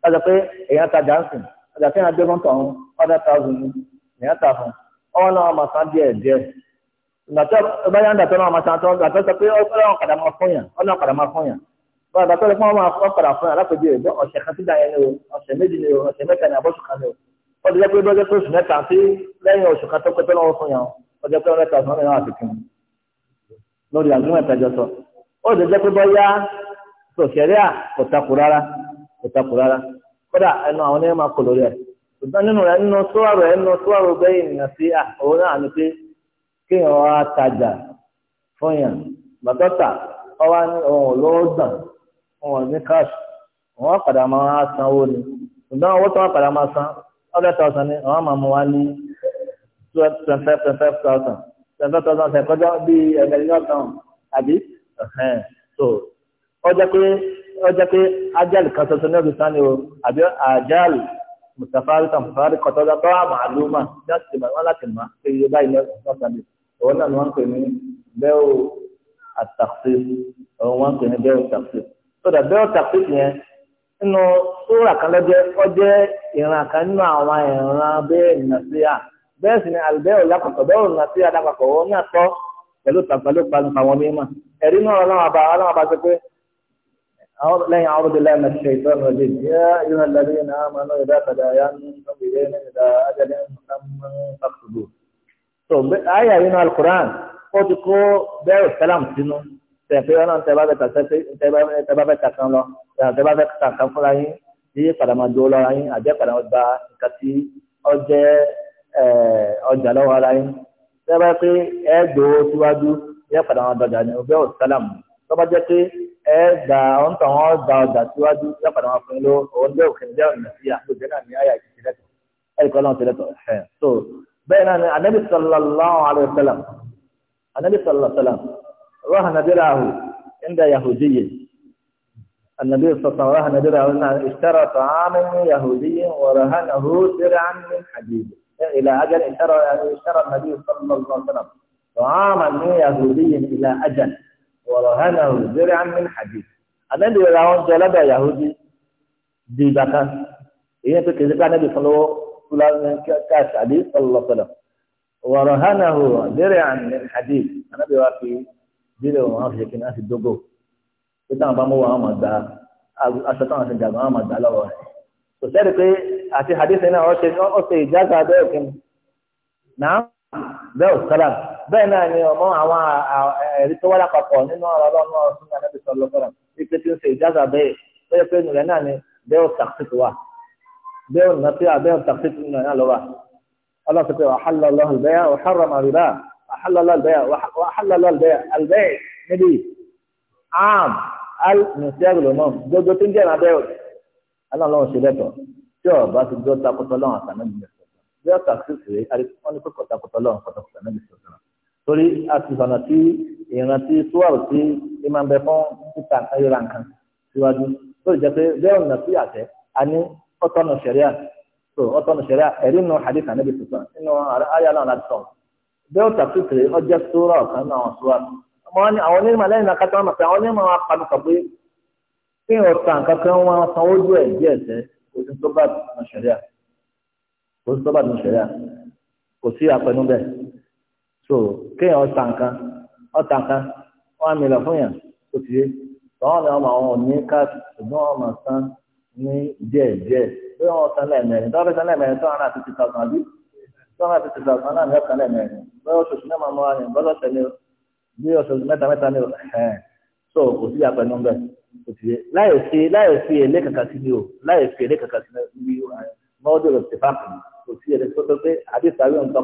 ọjà pé èèyàn ta johnson ọjà pé èèyàn gbé mọ́tò ọ̀hún hundred thousand ni èèyàn ta fún un ọwọ́ náà máa san díẹ̀ díẹ̀ ìgbàtọ́ báyà ń dàtọ́ náà máa san tó gbàtọ́ sọ pé ọlọ́run padà máa fún yàn ọlọ́run padà máa fún yàn báyà dàtọ́ lè fún ọmọ akọ́ padà fún yàn alápèjì rẹ̀ bọ́ ọ̀sẹ̀ kan sí dàyẹn ni o ọ̀sẹ̀ méjì ni o ọ̀sẹ̀ mẹ́ta ni àbọ̀sù kan ni o ó ti jẹ́ pé bọ́jẹ́ pé oṣù mẹ́ta sí lẹ́yìn oṣù kan tó pé tó lọ́wọ́ fún yàn ó jẹ́ pé ọ̀rẹ́ ta sọ́nà náà àfikún lórí agreement àjọ ṣùgbọ́n nínú rẹ̀ nínú sọ́ọ̀rọ̀ ẹ̀ nínú sọ́ọ̀rọ̀ bẹ́yìn nìyẹn sí à náà ni pé kéèyàn wá tajà fún yàn bàtọ́tà ọwá ní ọ̀hún lọ́wọ́ gbà ọ̀hún ní káàṣì wọ́n padà máa sanwó ni ṣùgbọ́n owó tó wọ́n padà máa san hundred thousand ni àwọn máa mú wá ní twenty five twenty five thousand twenty five thousand ṣe kọjá bí ẹgbẹ̀rún yóò àbí so ó jẹ́ pé ó jẹ́ pé ájálì kan ṣoṣo ní ọ̀gbìn sanni o àbí àjálì mùsàfáríkà mùsàfáríkà tọ́jà tọ́ àmà àlùmà láti mọ̀ wọn láti mọ̀ pé iye báyìí lẹ́sùn lọ́sàdé òun náà ni wọ́n ń pè ní bẹ́ẹ̀ àtàkùsí òun wọ́n ń pè ní bẹ́ẹ̀ àtàkùsí. sọ́dà bẹ́ẹ̀ àtàkùsí yẹn nínú sóra kan lọ́jẹ́ ọjẹ́ ìran kan nínú àwọn ìran bẹ́ẹ̀ nàṣíà bẹ́ẹ̀ sì ni àlùbẹ́ẹ̀ lápapọ̀ bẹ́ẹ̀ nàṣíà lápapọ̀ wọn náà tọ́ pẹ̀lú tàpẹ̀lú pa أعوذ لا أعوذ بالله من الشيطان الرجيم يا أيها الذين آمنوا إذا تداينتم بدين إلى أجل مسمى فاكتبوه so aya nínú alukuraan ó ti kó bẹ́ẹ̀ sẹ́lám sínú tẹ̀fẹ́ ọ̀nà tẹ̀bá bẹ́ẹ̀ tàṣẹ́ tẹ̀bá bẹ́ẹ̀ tàṣán lọ tẹ̀bá bẹ́ẹ̀ tàṣán fúnra yín yíyí padà máa dúró lọ́ra yín àjẹ́ padà máa gba nǹkan tí ọjẹ́ ọjà lọ́wọ́ ara yín tẹ̀bá pé ẹ̀ dòó síwájú yíyí padà máa dọ̀jà ní ọbẹ̀ ọ̀sálàmù bá jẹ́ pé ẹ gba ọ̀n tàn wọ́n gba ọjà síwájú lápàdé wọn fún yín ló òun jẹ́ òkè ní ọ̀nà sí àpòjẹ́ náà ní àyà ìṣẹ̀lẹ̀ tọ̀ ẹ̀rí kọ́ náà tẹ̀lẹ̀ tọ̀ ẹ̀ tó bẹ́ẹ̀ náà ni anabi sallallahu alayhi wa sallam anabi sallallahu alayhi wa sallam raha nadirahu inda yahudiyyin النبي صلى الله عليه وسلم درع اشترى طعاما يهوديا ورهنه درعا من حديد إلى أجل اشترى يعني اشترى النبي صلى الله عليه وسلم طعاما يهوديا إلى أجل wọ̀rọ̀ hánà òzèrè amin hadith anabi ra wọn jẹ lọ́dọ̀ yahudi di ìgbà kan èyí tó kéde ká anabi fún fúlàní káàsì àdé ọlọpẹlẹ òzèrè amin hadith anabi wa fi bílẹ̀ wọn á fi kíni á fi dógò pé táwọn bá mú wọn aṣọ táwọn dàgbà lọ́wọ́ rẹ̀ kò sẹ́ni pé àti bẹ́ẹ̀ náà ni ọmọ àwọn ẹ̀rí tó wá lápapọ̀ nínú ọ̀rọ̀ ọlọ́run ọ̀rọ̀ sínú anábì sọ̀rọ̀ lọ́kọ̀rọ̀ wípé tí ń ṣe ìjáza bẹ́ẹ̀ tó yẹ pé nìyẹn náà ni bẹ́ẹ̀ ò tàkìtì wà bẹ́ẹ̀ ò nàtí à bẹ́ẹ̀ ò tàkìtì nìyẹn náà lọ́wọ́ ọlọ́sọ pé wàhálà lọ́hùn bẹ́ẹ̀ wàhálà màrúbà wàhálà lọ́hùn bẹ́ẹ̀ albẹ́ẹ̀ níbi àm al nìṣẹ́ gbọ̀mọ́ gbogbo tí ń torí àtìsọ̀nà tí ìrántí suwọ́ọ̀rù tí ẹ máa ń bẹ fún títà ayọ̀rà nǹkan síwájú tó lè jẹ́ pé bẹ́ẹ̀ ọ̀nà sí àtẹ a ní ọ̀tọ̀nà sẹ̀ríà tó ọ̀tọ̀nà sẹ̀ríà ẹ̀rí nù hadith ànábì tuntun nínú ayé náà láti sọ̀rọ̀ bẹ́ẹ̀ ọ̀tà fìtìrì ọjọ́ sọ́rọ̀ kan náà sọ́rọ̀ àwọn onímọ̀ lẹ́yìn náà kátó wọn pé àwọn onímọ̀ wọn padà sọ pé kí ọ̀tà nǹkan kan wọn sanwó jù ẹ̀ díẹ̀ tẹ́ kò sí tó bá nù sẹ̀ríà kò sí àpẹnú bẹ́ẹ̀ so kéèyàn ọ̀tà nǹkan ọ̀tà nǹkan one million fún yàn ó ti yé tọ́wọ́n ni ọmọ àwọn òní káàtì ṣùgbọ́n ọmọ san ní díẹ̀ díẹ̀ bí wọ́n san lẹ́ẹ̀mẹ́rin tọ́wọ́n fẹ́ san lẹ́ẹ̀mẹ́rin tọ́wọ́n náà fifty thousand àbí tọ́wọ́n náà fifty thousand náà ní ọ̀kan lẹ́ẹ̀mẹ́rin bẹ́ẹ̀ oṣooṣù náà máa mọ́ àyàn bọ́lọ̀ tẹ̀lé o bí oṣooṣù mẹ́ta mẹ́ta ni ẹ̀ so kò sí àpẹ nọ́mbẹ̀ ó ti yé láyò sí láyò sí èlé kàkà sí ni o láyò sí èlé kàkà sí ni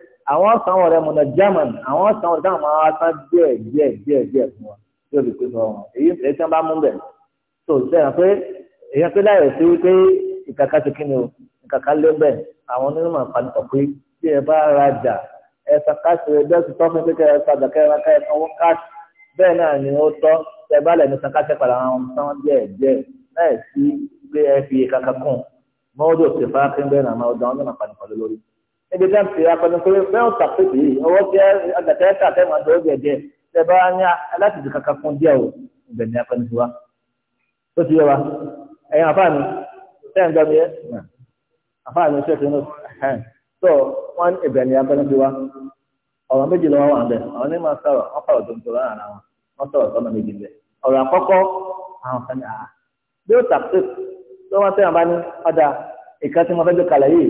àwọn sanwó rẹ mọ̀nà german àwọn sanwó rẹ táwọn máa san díẹ̀ díẹ̀ díẹ̀ díẹ̀ fún wa yóò fi pé fún wọn èyí èyí tí wọn bá mú bẹ̀ tó sẹ́yìn pé èyí pé láyọ̀ sí wípé ìkàkà ti kí ni o ìkàkà lé bẹ̀ àwọn onímọ̀ àpàlùkọ̀ pé tí ẹ bá rajà ẹ san káàsì rẹ bẹ́ẹ̀ sì tọ́ fún pé kẹ́ ẹ san àgbàkẹ́ ẹ ká ẹ sanwó káàsì bẹ́ẹ̀ náà ni ó tọ́ ẹ bá lẹ̀ ní san káàsì padà àwọn sanwó díẹ̀ díẹ̀ láì sí pé ẹ fi ìkàkà kùn mọ́ọ́dọ̀ sì fáákín níbi tí wọ́n ti akọni pé fẹ́ràn tàpéjì yìí ọwọ́ tí àgàtẹ́ tà tẹ́ máa dọ̀ ọ́gbẹ̀ díẹ̀ tẹ́ bá ní alátìjú kankan fún díẹ̀ o ibẹ̀ e ni akọni e? ti wá ó e ti yẹ wa ẹ̀yin àfáà mi tẹ́ ń gbọ́ mi yẹ àfáà mi ṣe kìnnìún tó wọ́n ní ibẹ̀ ni akọni ti wá ọ̀rọ̀ méjì lọ́wọ́ wà bẹ́ẹ̀ àwọn onímọ̀ sọ̀rọ̀ wọ́n sọ̀rọ̀ tó ń tọ́ra ara wọn wọ́n sọ̀rọ̀ sọ́nà méjì bẹ́ẹ̀ ọ̀rọ̀ àkọ́kọ́ àwọn kan ní àhà bí ó tàpéjì tó wọ́n tẹ́ bá ní ọ̀dà ìkàtí wọn fẹ́ gbé kalẹ̀ yìí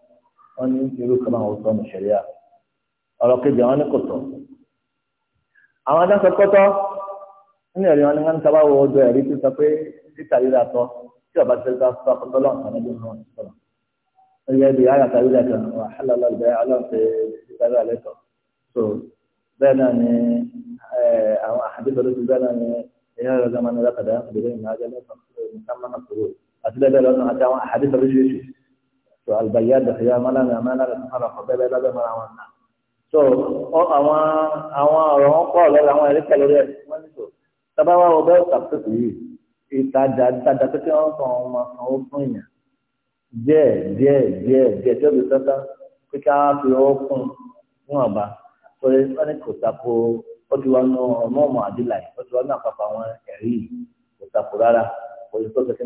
wọn ní irú kan náà wọ́n sọ ní ṣẹ̀ríà ọ̀rọ̀ kejì àwọn ní kò tọ́ àwọn adáṣọ kọ́tọ́ nínú ẹ̀rí wọn ni wọ́n ń sábà wọ ọjọ́ ẹ̀rí tó sọ pé títà rírà tọ́ tí ọba ti sọ sọ kọ́tọ́ lọ́wọ́ kan lọ́dún náà sọ̀rọ̀ ẹgbẹ́ ibi ayàtà rírà kan wà hálàlá ìgbẹ́ aláǹfẹ́ títà rírà lẹ́tọ̀ so bẹ́ẹ̀ náà ni àwọn àdébẹ̀rẹ̀ lóṣù bẹ́ẹ̀ náà ni ìyá rẹ̀ lọ́mọ ní lákàdá àdébẹ̀rẹ̀ ìnáwó so albayan da ṣẹyà mọ́lánà mọ́lánà tó fara kọ bẹ́ẹ̀ lábẹ́ mọ́ra wọn náà so àwọn àwọn ọ̀rọ̀ wọn pọ̀ lọ́la àwọn ẹ̀rí pẹ̀lú rẹ̀ wọ́n ní so tábà wà wọ bẹ́ẹ̀ sàkóso yìí ìtajà ìtajà tó kí wọ́n kàn wọ́n kàn ó fún yàn díẹ̀ díẹ̀ díẹ̀ díẹ̀ tí ó fi sọ́tà pé ká fi ọwọ́ fún fún ọba so wọ́n ní kò tako ó ti wá nù ọmọ ọmọ àdìlà yìí ó ti wá nù àpapọ̀ àwọn ẹ̀rí kò tako rárá kò sí tó kẹsí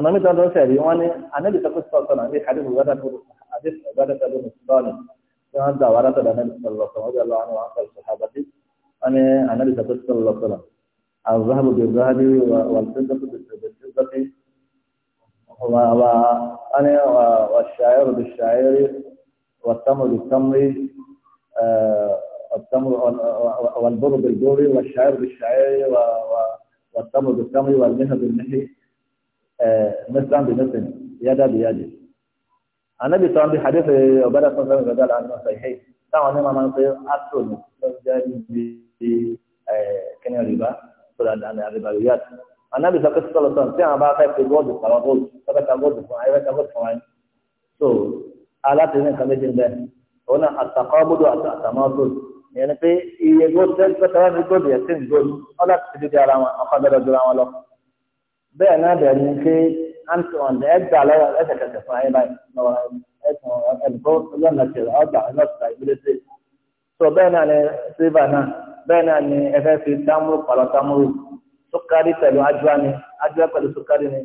أنا مثلاً لو سألي يعني وأنا أنا اللي تقص فاصل عندي حديث وغدا تقول حديث وغدا تقول مسلم كان دوارة تدعني صلى الله عليه وسلم أنا وأنا في الصحابة أنا يعني أنا اللي تقص صلى الله عليه وسلم الذهب بالذهب والفضة بالفضة يعني آه، و و أنا والشاعر بالشاعر والتمر بالتمر التمر والبر بالبر والشاعر بالشاعر والتمر بالتمر والمهر بالمهر mẹsàn bí mẹsàn yádà bí yádì anabi sọ bí hadith ọ̀bẹ́dà sọ̀rọ̀ sọ̀rọ̀ gbẹdà lánàá sahih táwọn onímọ̀ máa ń pè astro ní lọ́jà níbi kẹ́nyà rìbá sọ̀rọ̀ àdàlẹ̀ àrìbá yóò yàtọ̀ anabi sọ pé sọ̀rọ̀ sọ̀rọ̀ tí àwọn bá fẹ́ pe góòdù pàwọ́ góòdù ọ̀bẹ́ ta góòdù fún ayẹ́wẹ́ ta góòdù fún ayé so aláti ní nǹkan méjì ń bẹ́ òun náà àtàkọ́ gbọ́dọ̀ àtàmọ́ góòdù ìyẹn ni pé iye góòdù tẹ́lifẹ̀tẹ̀ wọn ni góòdù yẹn sì ń góòdù ọ̀dà ti bẹ́ẹ̀ náà bẹ̀rẹ̀ ni pé anton ẹgbàá lọ́wọ́ ẹsẹ̀kẹsẹ̀ fún ayé báyìí lọ́wọ́ ẹ̀sùn ẹ̀dùkọ́ lọ́nà tìrẹ̀ ọgbà ọlọ́sùn àìgbélẹ́sẹ̀ tó bẹ́ẹ̀ náà ni silva náà bẹ́ẹ̀ náà ni ẹfẹ́ fi dámúrú pàlọ́ dámúrú sukari pẹ̀lú ajúwa ni ajúwa pẹ̀lú sukari ni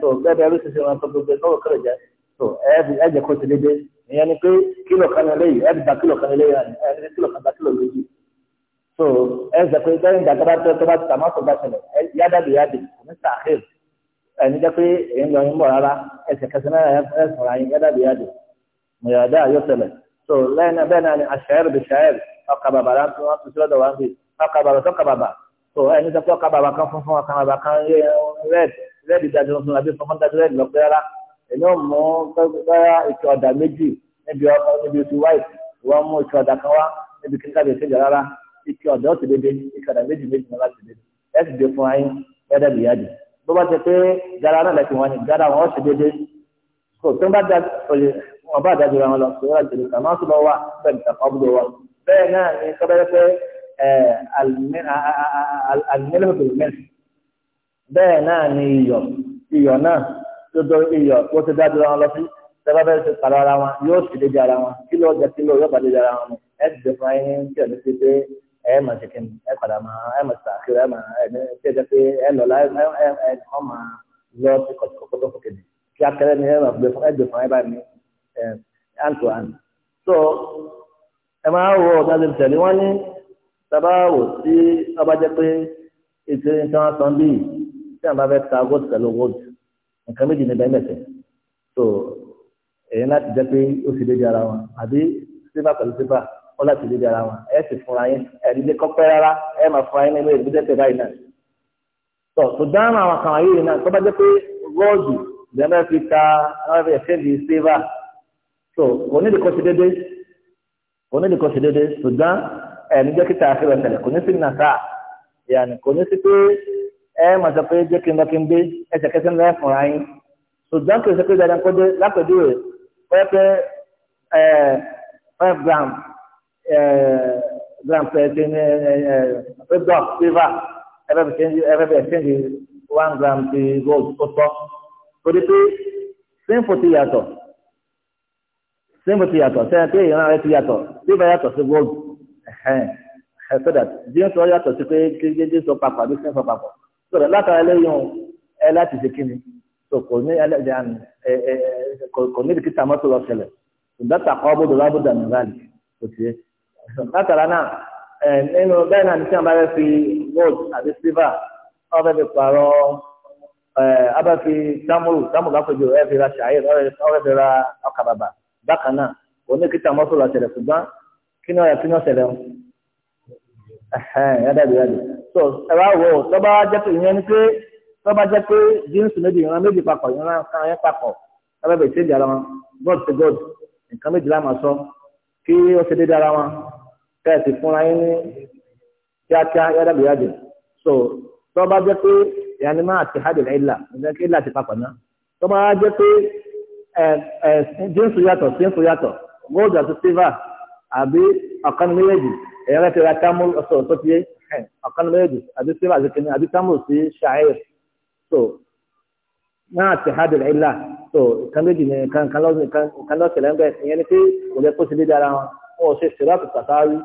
tó bẹ́ẹ̀ bẹ́ẹ̀ lóṣìṣẹ́ wọn tó gbogbo ẹ̀kọ́ kẹrẹ̀ jẹ́ tó ẹ̀jẹ̀ kó ti dédé ìyẹn ni so ẹ jẹ pé lẹ́yìn ìgbà tó bá tó tó bá tà má tó bá tẹlẹ ẹ yádàbí yádì kò ní sàkéèl ẹni jẹ pé èyí lọ yín bọ̀ rárá ẹsẹ̀ kẹsẹ̀ náà ẹ sọ̀rọ̀ ayé yádàbí yádì mùyàdá yóò tẹlẹ so lẹ́yìn náà bẹ́ẹ̀ náà ni àṣàyẹ̀rù bí ṣàyẹ̀rù ọkà bàbà láti wọn tún sílọ́dọ̀ wá sí ọkà bàbà tó kà bàbà so ẹni jẹ pé ọkà bàbà kan funfun ọkà bàbà kan rẹ́ẹ̀d rẹ́ẹ̀dì dájú tuntun àbí funfun dájú rẹ́ẹ̀dì lọ pé rárá èmi ò mú bẹ́ẹ̀ ìtì ọ̀dà méjì níbi oṣù wáìtì wọ́n mú ìtì ọ̀dà kan wá níbi kíkà lè ṣe jà rárá ike ọ̀dọ́ ti dédé ike ọ̀dà méjì méjì náà láti dédé ẹ sì dé fún ayé gbádà bìyàdì bó bá ti pé gara náà lẹ́sìn wọn ni gara wọn ti dédé kò tó ń bá da olè wọn bá dájú ra wọn lọ sọ wọn jèrè kàmá tó bá wà bẹ́ẹ̀ nìkan kan búdó wa bẹ́ẹ̀ náà ni sọ́bẹ́rẹ́ pé alimẹ́lẹ́fẹ̀tò mẹ́rin bẹ́ẹ̀ náà ni iyọ̀ iyọ̀ náà tó dọ iyọ̀ tó ti dájú ra wọn lọ sí sẹ́fẹ́fẹ́ ti pàrọ̀ ara wọn yóò sì dédé ara wọn kílò ọjà kílò yóò bá dédé ara wọn ẹ̀ ti dẹ̀ fún ayé ní kí ti pé ẹ mà ṣe kí ni ẹ padà máa ẹ mà ṣe àkíyọ ẹ mà ẹ ní ṣe jẹ pé ẹ lọ láì ẹ ẹ ẹ ọ mà lọ sí kọtùkọtù tó fòkè ní kí akẹrẹ ni ẹ mà gbé fún ẹ gbé fún ẹ báyìí ẹ hand to hand so ẹ máa wọ ọ̀gá ṣe tẹ̀lé wọn ní sábà wò sí ọba jẹ pé ètò ìtàn sàn bíi tí àwọn bá fẹ́ ta gold pẹ̀lú gold nǹkan méjì ní bẹ́ẹ̀mẹ̀tẹ̀ so èyí láti jẹ́ pé ó sì dédé ara wọn àbí sífà pẹ̀lú sífà wọn láti lè dára wọn ẹ sì fúnra yín ẹ̀rí lé kọ́pẹ́ rárá ẹ máa fúnra yín nínú èrè gbẹ́dẹ́gbẹ́ báyìí náà. tọ́ tó dáhùn àwọn kan yìí náà tó bá jẹ́ pé rọ́ọ̀dù ìjọba fi ta ẹ̀fẹ́ bíi sèvà tó kò ní ìdíkọ́ sí dédé kò ní ìdíkọ́ sí dédé ṣùgbọ́n ẹ̀ ní jẹ́ kíta àfihàn tẹ̀lẹ̀ kò ní sí nàta yàní kò ní sí pé ẹ máa sọ pé jẹ́ kí n bá kí n dé ẹsẹ̀ kẹsẹ̀ ń lẹ́ fúnra yín ṣùgbọ́n kò sí pé dandan kó grandpère ṣe ní rẹgbọn silver ẹfẹfẹ ṣẹǹdì one gram ti gold tó tọ́ torí pé síǹfù ti yàtọ̀ síǹfù ti yàtọ̀ sẹ́yìn pé ìran rẹ ti yàtọ̀ silver yàtọ̀ sí gold so that jíǹsì ọ yàtọ̀ sí pé kéjéjé sọ papọ̀ àbí síǹfù papọ̀ so that látara eléyìí ẹ láti ṣe kíni so kò ní ẹlẹ́dẹ̀ àná ẹ ẹ kò ní ìdíkítà mọ́tò lọ ṣẹlẹ̀ ìgbà tàkọ́ bódò lábódò àmì rálì kò tiẹ̀. látara náà nínú bẹ́ẹ̀ náà ní tí wọ́n bá fi gold àti silver wọ́n fi pààrọ̀ abẹ́ fi tamuru tamuru lápẹjù ẹ̀ fi ra ṣàyẹ̀ ọ̀rẹ́ fi ra ọkà bàbà náà oníkìtà mọ́tò ṣẹlẹ̀ ṣùgbọ́n kí ni ọ̀yà kí ni ọ̀ṣẹlẹ̀ o yàdàbí so ẹ wá tọ́ba jẹ́ pé ìyẹn ni pé tọ́ba jẹ́ pé jíǹsì méjì ìran méjì papọ̀ ìran kan kí ó ṣe déédéé ara wọn kẹ́ẹ̀sì fúnra yín ní kíákíá yádàbíyádì so tó bá jẹ́ pé ìyanimá àti hadil ilà ìjẹ́ kí ilà ti papọ̀ náà tó bá jẹ́ pé jíǹsù yàtọ̀ jíǹsù yàtọ̀ gold àti silver àbí ọ̀kan méjèèjì èyàn rẹ̀ ti ra tamil ọ̀sọ̀ tó ti yé ọ̀kan méjèèjì àbí silver àti kìnìún àbí tamil sí shair so náà àti hadil ilà so nǹkan méjì ni nǹkan lọ́sẹ̀ lẹ́gbẹ̀ẹ́ ìyẹn ni pé kò lè kó sí dídá ara wọn wọn ò ṣe ṣèlátù tàtàrí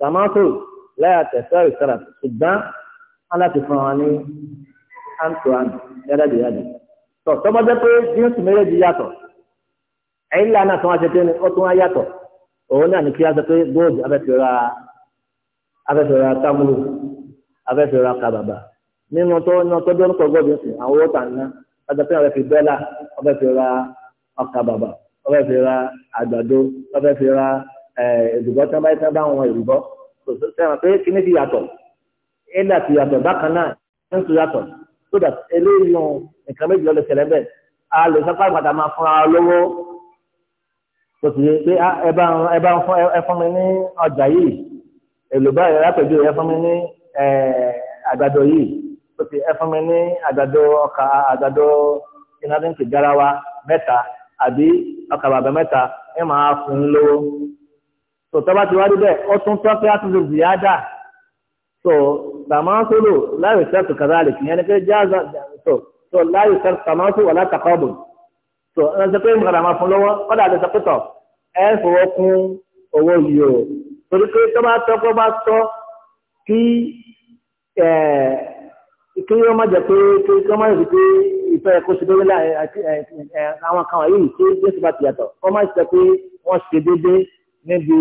tàmátò láyà tẹ̀sẹ̀ ìṣẹ̀lá ṣùgbọ́n aláti fún wa ní àǹtò àmì yádàdì yádì tọ̀ tọ́gbọ́n jẹ́ pé jíǹsì méjèèjì yàtọ̀ ẹ̀yìn lànà tó wá ṣe pé ó tún wá yàtọ̀ òun náà ní kí a sọ pé gold abẹ́fẹ̀rẹ̀ akámúlò abẹ́fẹ̀rẹ̀ akábàbà nínú tó nínú tó dé orúkọ gold yìí àwọn owó tà ń ná ọjọ́ pé ọ̀rẹ́ fi dọ́là ọ̀fẹ́ fi ra ọkà bàbà ọ̀fẹ́ fi ra àgbàdo ọ̀fẹ́ fi ra ìdùbọ́ tí wọ́n bá yẹ kí wọ́n bá wọn ìdùbọ́ sẹ́wọ̀n pé kíní ti yàtọ̀ ẹ̀dà ti yàtọ̀ bákan náà ń tu yàtọ̀ tó dà eléyìí nǹkan méjì lọ́ọ́ lè bẹ́ẹ̀ a lè sọ́pá ìpàdà máa fúnra lówó tó sì yẹ pé ẹ bá ń fún mi ní ọjà yìí èlò báyìí ó ti ẹ fún mi ní àgbàdo ọkà àgbàdo ìnádínkì garawa mẹ́ta àbí ọkà bàbà mẹ́ta ẹ máa fún un lówó tòtọ́ bá ti wá débẹ̀ ó tún tọ́ pé àtúntò ziyada so tàmásólò láyò sẹ́tù kàdáàlì kìí ẹni pé jáàzà so so láyò sẹ́tù tàmásó wà látàkọ́bù so ẹni sọ pé nǹkan àmà fún lọ́wọ́ ọ̀dà àti sọpẹ́tọ̀ ẹ fọwọ́ kún owó yìí o torí pé tó bá tọ́ pé bá tọ́ kí kí wọ́n má jẹ́ pé kí wọ́n má jẹ́ pé ìfẹ́ kó ṣe déédéé láàrin àwọn kan wọ̀nyí tí jésù bá ti yàtọ̀ kó má ṣe pé wọ́n ṣe déédéé níbi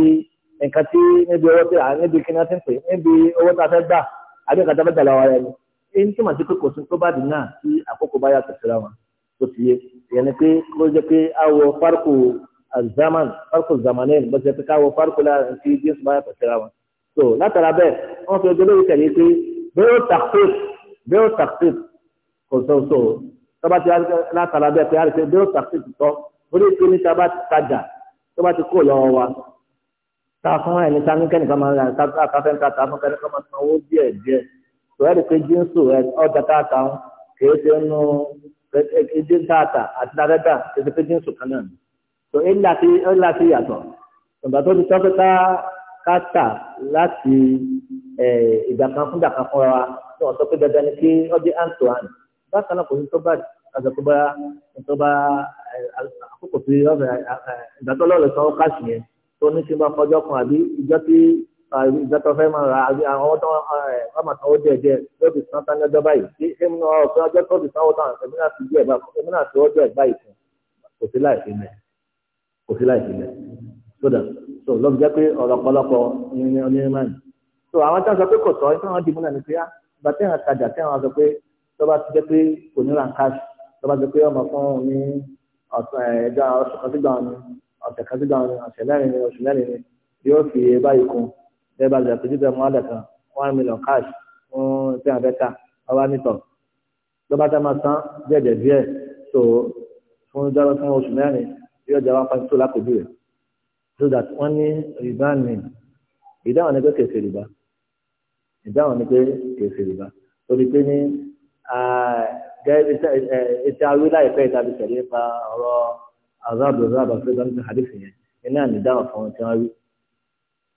nǹkan tí níbi owó tí níbi kí wọ́n ti ń pè níbi owó tí a fẹ́ gbà àbí nǹkan tí a fẹ́ tẹ̀lé ọ̀rẹ́ ni. èyí ń túmọ̀ sí pé kò sí tó bá dì náà tí àkókò bá yàtọ̀ síra wọn tó ti yé ìyẹn ni pé kó jẹ́ pé àwọ̀ fárkù zaman fárkù zamanẹ́ni bó ṣe pé káwọ̀ fárkù so látara bẹ́ẹ̀ wọ́n fi ojú olóyè tẹ̀lé pé bẹ́ẹ̀ bẹ́ẹ̀ tàkìtì kò sọ̀sọ̀ tọ́ba ti látara bẹ́ẹ̀ pé àrùn bẹ́ẹ̀ tàkìtì tọ́ orí ìpè ní taba tajà tọ́ba ti kó lọ́wọ́ wa ta fún ẹ̀ ní sani kẹ́nìkan máa ń ra ta fẹ́ ta ta fún kẹ́nìkan máa ń sanwó díẹ̀ díẹ̀ tó ẹ̀rí pé jíǹsù ọjà tá a ta ń kèé ṣe ń nu ẹjẹ tá a ta àti tá a fẹ́ tà kèé ṣe jíǹsù kan náà tó ẹ̀ láti yàtọ̀ ìgbà tó ti tọ́ pé ká tà láti Eh, ìgbà kan fún ìgbà kan fúnra wa tí wọ́n sọ pé dandan ni kí wọ́n dé hand to hand bákan náà kò ní tó bá àgbà tó bá tó bá eh, àkókò tí ọ̀fẹ́ eh, ìgbà tó lọ́ọ̀lẹ̀ sanwó káàsì yẹn tó ní kí n bá fọjọ́ kan àbí ìjọ tí ìjọ tó fẹ́ máa ra àbí àwọn tó wọ́n máa sanwó díẹ̀ díẹ̀ yóò fi san tán lọ́jọ́ báyìí ṣé èmi náà ọ̀sán ọjọ́ tó fi sanwó tán èmi náà fi díẹ̀ èmi náà fi ọjọ́ ẹ̀ báyìí kò sí láì fi mẹ́ kò sí láì fi mẹ́ so àwọn tí wọ́n sọ pé kò tọ́ nípa àwọn dìbò náà ní pé á ah, ìgbà tí wọ́n tí wọ́n sọ pé tó bá ti jẹ́ pé kò ní ra cash tó bá ti pé ọmọ fún un ní eh, ẹ̀ẹ́dá oṣù kan sígbà ni ọ̀sẹ̀ kan sígbà ni ọ̀sẹ̀ mẹ́rin ni oṣù mẹ́rin ni yóò fi báyìí kun bẹ́ẹ̀ bá ti àpèjú bẹ́ẹ̀ mú àdàkà one million cash fún tí wọ́n fẹ́ ta ọba nítọ̀ tó bá tẹ́ máa san díẹ̀ díẹ̀ so fún dáná fún oṣù mẹ́rin yóò jẹ́ one point two lápò so that wọ́n ní rìbá ní ìdáhùn ní pé kèsè ìdáhùn ni pé èsì rìbá ó ní pé ní ètò awé láìpẹ́ ìtàbí sẹ̀rí nípa ọ̀rọ̀ azáàbò azáàbò àfẹ́gbọ́n nípa hadith yẹn iná ní ìdáhùn fún ohun tí wọ́n rí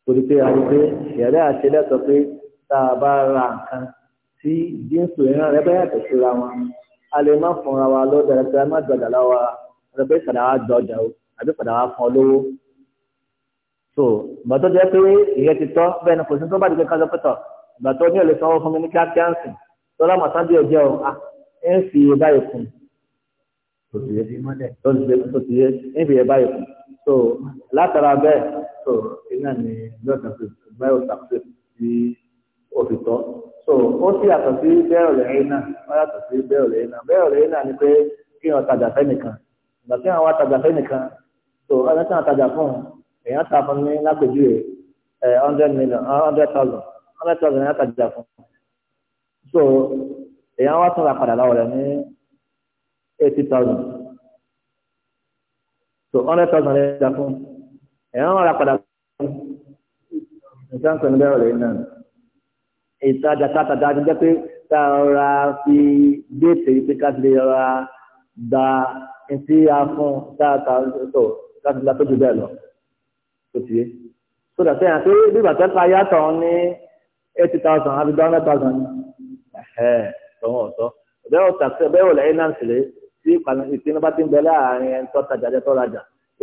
torí pé a rí pé ṣẹ̀rí àṣẹ lẹ́tọ̀ pé tá a bá ra nǹkan tí jíǹsù ìran rẹ bá yàtọ̀ síra wọn a lè má fúnra wa lọ́dọ̀ rẹ pé a má gbàgbà láwa rẹ pé padà wá gbà ọjà o àbí padà wá fún ọ so bàtọ́ jẹ́ pé ìyẹn ti tọ́ bẹ́ẹ̀ ni kò sí tó bá dìgbẹ́ ká lọ gbàtọ́ ní ọ̀lẹ́sàn wọn fún mi ní kíákíá ń sìn tọ́lá màsáńdé ọ̀jẹ́ o à ah, ń fi iye báyìí kún tòtìyé ń fi iye báyìí kún so látara bẹ́ẹ̀ so iná ni lọ́ọ̀tà báyọ̀tàkùsẹ̀ tí ó fi tọ́ so ó sì yàtọ̀ sí bẹ́ẹ̀ lẹ́yìn náà ó yàtọ̀ sí bẹ́ẹ̀ lẹ́yìn náà bẹ́ẹ̀ lẹ́yìn náà ni pé kí wọn tajà fẹ́nìkan ìgbà tí wọn wá tajà fẹ́nìkan so ẹni tí wọn tajà fún èèyàn ta fún ní lápèjúwe eh, hundred million hundred thousand hundred thousand náírà kàdúrà fún un so èèyàn wá tún ra padà láwọ̀ rẹ̀ ní eighty thousand so hundred thousand náírà fún un èèyàn wá ra padà nǹkan kan bẹ́ẹ̀ rẹ̀ náà ìtajà tàtàjà ti jẹ́ pé ká ọ̀ra fi déètì pé ká lè ra gba ntí a fún tààtà tó ká ti la tó ju bẹ́ẹ̀ lọ tó ti yé so dàtẹ́ yàn pé bí bàtà ká yàtọ̀ ní eighty thousand àbí gba hundred thousand tọ́wọ́ ọ̀tọ́ bẹ́ẹ̀ ọ̀tà bẹ́ẹ̀ ọ̀là yìí náà sì tí ìpinnu bá ti ń bẹ láàrin ẹni tó tajà jẹ́ tó rajà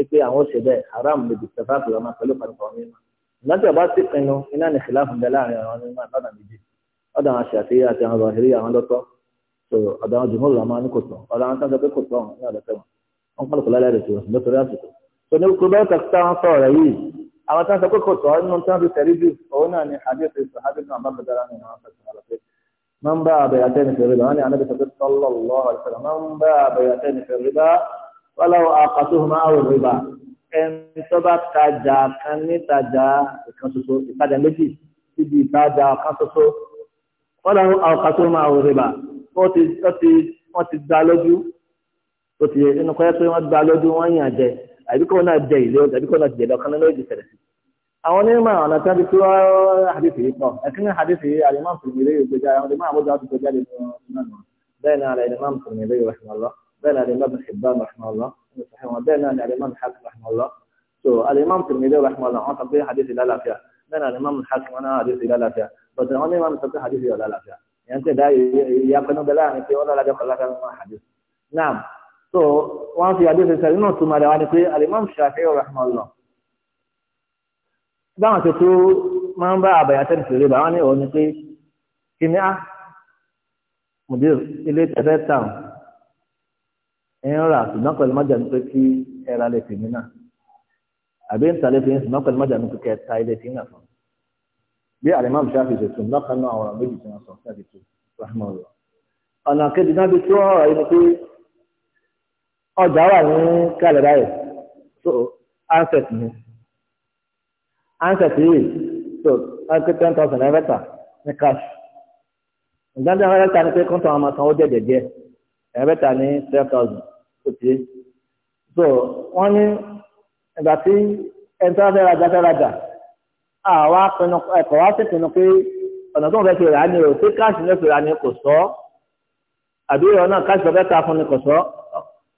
pé àwọn ṣe bẹ́ẹ̀ haram lè dìtẹ̀ fáfù ọmọ pẹ̀lú pàtàkì ọmọ mímọ́ ìgbàtí ọba sì pinnu iná ní ìṣìláfù bẹ láàrin ọmọ mímọ́ àtàdà méjì ọ̀dà àwọn aṣèṣe àti àwọn ọ̀hìrì àwọn lọ́tọ́ so ọ̀dà àwọn jùmọ̀ lọ́mọ ní kò tán ọ̀dà àwọn pé kò tán ní ọ̀dọ̀ tẹ̀wọ̀n wọn pàlùkù lálẹ́ rẹ̀ tó lọ́tọ̀rẹ́ àsìkò so ní kúrò bẹ́ẹ̀ kàkítà wọn sọ̀rọ̀ yìí àwọn tí wọ́n sọ pé kò tọ́ nínú tí wọ́n fi tẹ̀lé jù òun náà ni àdéhùn sàhábì náà bá bàdára nínú àwọn fẹsẹ̀ ọ̀rọ̀ pé máa ń bá àbẹ̀yàtẹ́ni fèrè bá wọ́n ní anábì sọ́kẹ́ sallallahu alaihi wasallam máa ń bá àbẹ̀yàtẹ́ni fèrè bá wọ́láwọ́ àkàtúhùn máa wò rìbá ẹni tó bá tajà kan nítajà ìkan ṣoṣo ìtajà méjì síbi ìtajà kan ṣoṣo wọ́láwọ́ àkàtúhùn máa wò rìbá wọ́n ti dá lójú wọ́n ti inú kọ́yẹ́ pé wọ́n dá lójú wọ́n yàn jẹ́ àbí kọ́ náà jẹ ìlú àbí kọ́ náà jẹ ìlú ọ̀kan lọ́wọ́ ìdíṣẹ̀lẹ̀ sí. àwọn onímọ̀ àwọn àtàbí tí wọ́n hadisi yìí pọ̀ ẹ̀kí ní hadisi yìí alimam Tirmidhi yóò gbéjà àwọn onímọ̀ àbújá ti gbéjà lè bẹ́ẹ̀ náà alimam Tirmidhi yóò rahimahullah bẹ́ẹ̀ náà alimam Hibban rahimahullah bẹ́ẹ̀ náà alimam Hakim rahimahullah so alimam Tirmidhi yóò rahimahullah wọn sọ pé hadisi lálàáfíà bẹ́ẹ̀ náà alimam Hakim wọn náà hadisi lálàáfíà bọ̀tẹ̀ wọn ní imam sọ pé hadisi yóò lálàáfíà yẹn so wọ́n fi àdéhùn sẹ́sẹ́ nínú tó máa rẹ̀ wá ní pé alimam shafi rahmanullah báwọn ṣe tó máa ń bá àbàyà tẹ́lẹ̀ fèrè bá wọn ní òun ni pé kí ni á mùdír ilé tẹ́fẹ́ tàn ń rà ṣùgbọ́n pẹ̀lú májà ní pé kí ẹ̀rà lè fi mí náà àbí ń tàlẹ́ fi ń ṣùgbọ́n pẹ̀lú májà ní pé kẹ́ ta ilé fi ń nà fún bí alimam shafi ṣe tún lọ́kàn náà ọjà wà ní kálẹ̀ báyìí so ansẹt ni ansẹt yìí so ẹgbẹ́ ten thousand ẹ̀rẹ́ta ní cash ìdájọ́ ẹ̀rẹ́ta ni pé kọ́ńtà àwọn ọmọ ọjọ́ jẹjẹ ẹ̀rẹ́ta ní ten thousand ó ti so wọ́n ní ìgbà tí ẹni tó fẹ́ rajà fẹ́ rajà àwa pinnu ẹ̀kọ́ wa sì pinnu pé ọ̀nà tó ń fẹ́ fi rà á ni o ṣé cash ní fi rà á ni kò sọ àbí ọ̀nà cash lọ́fẹ́ ta fún ni kò sọ.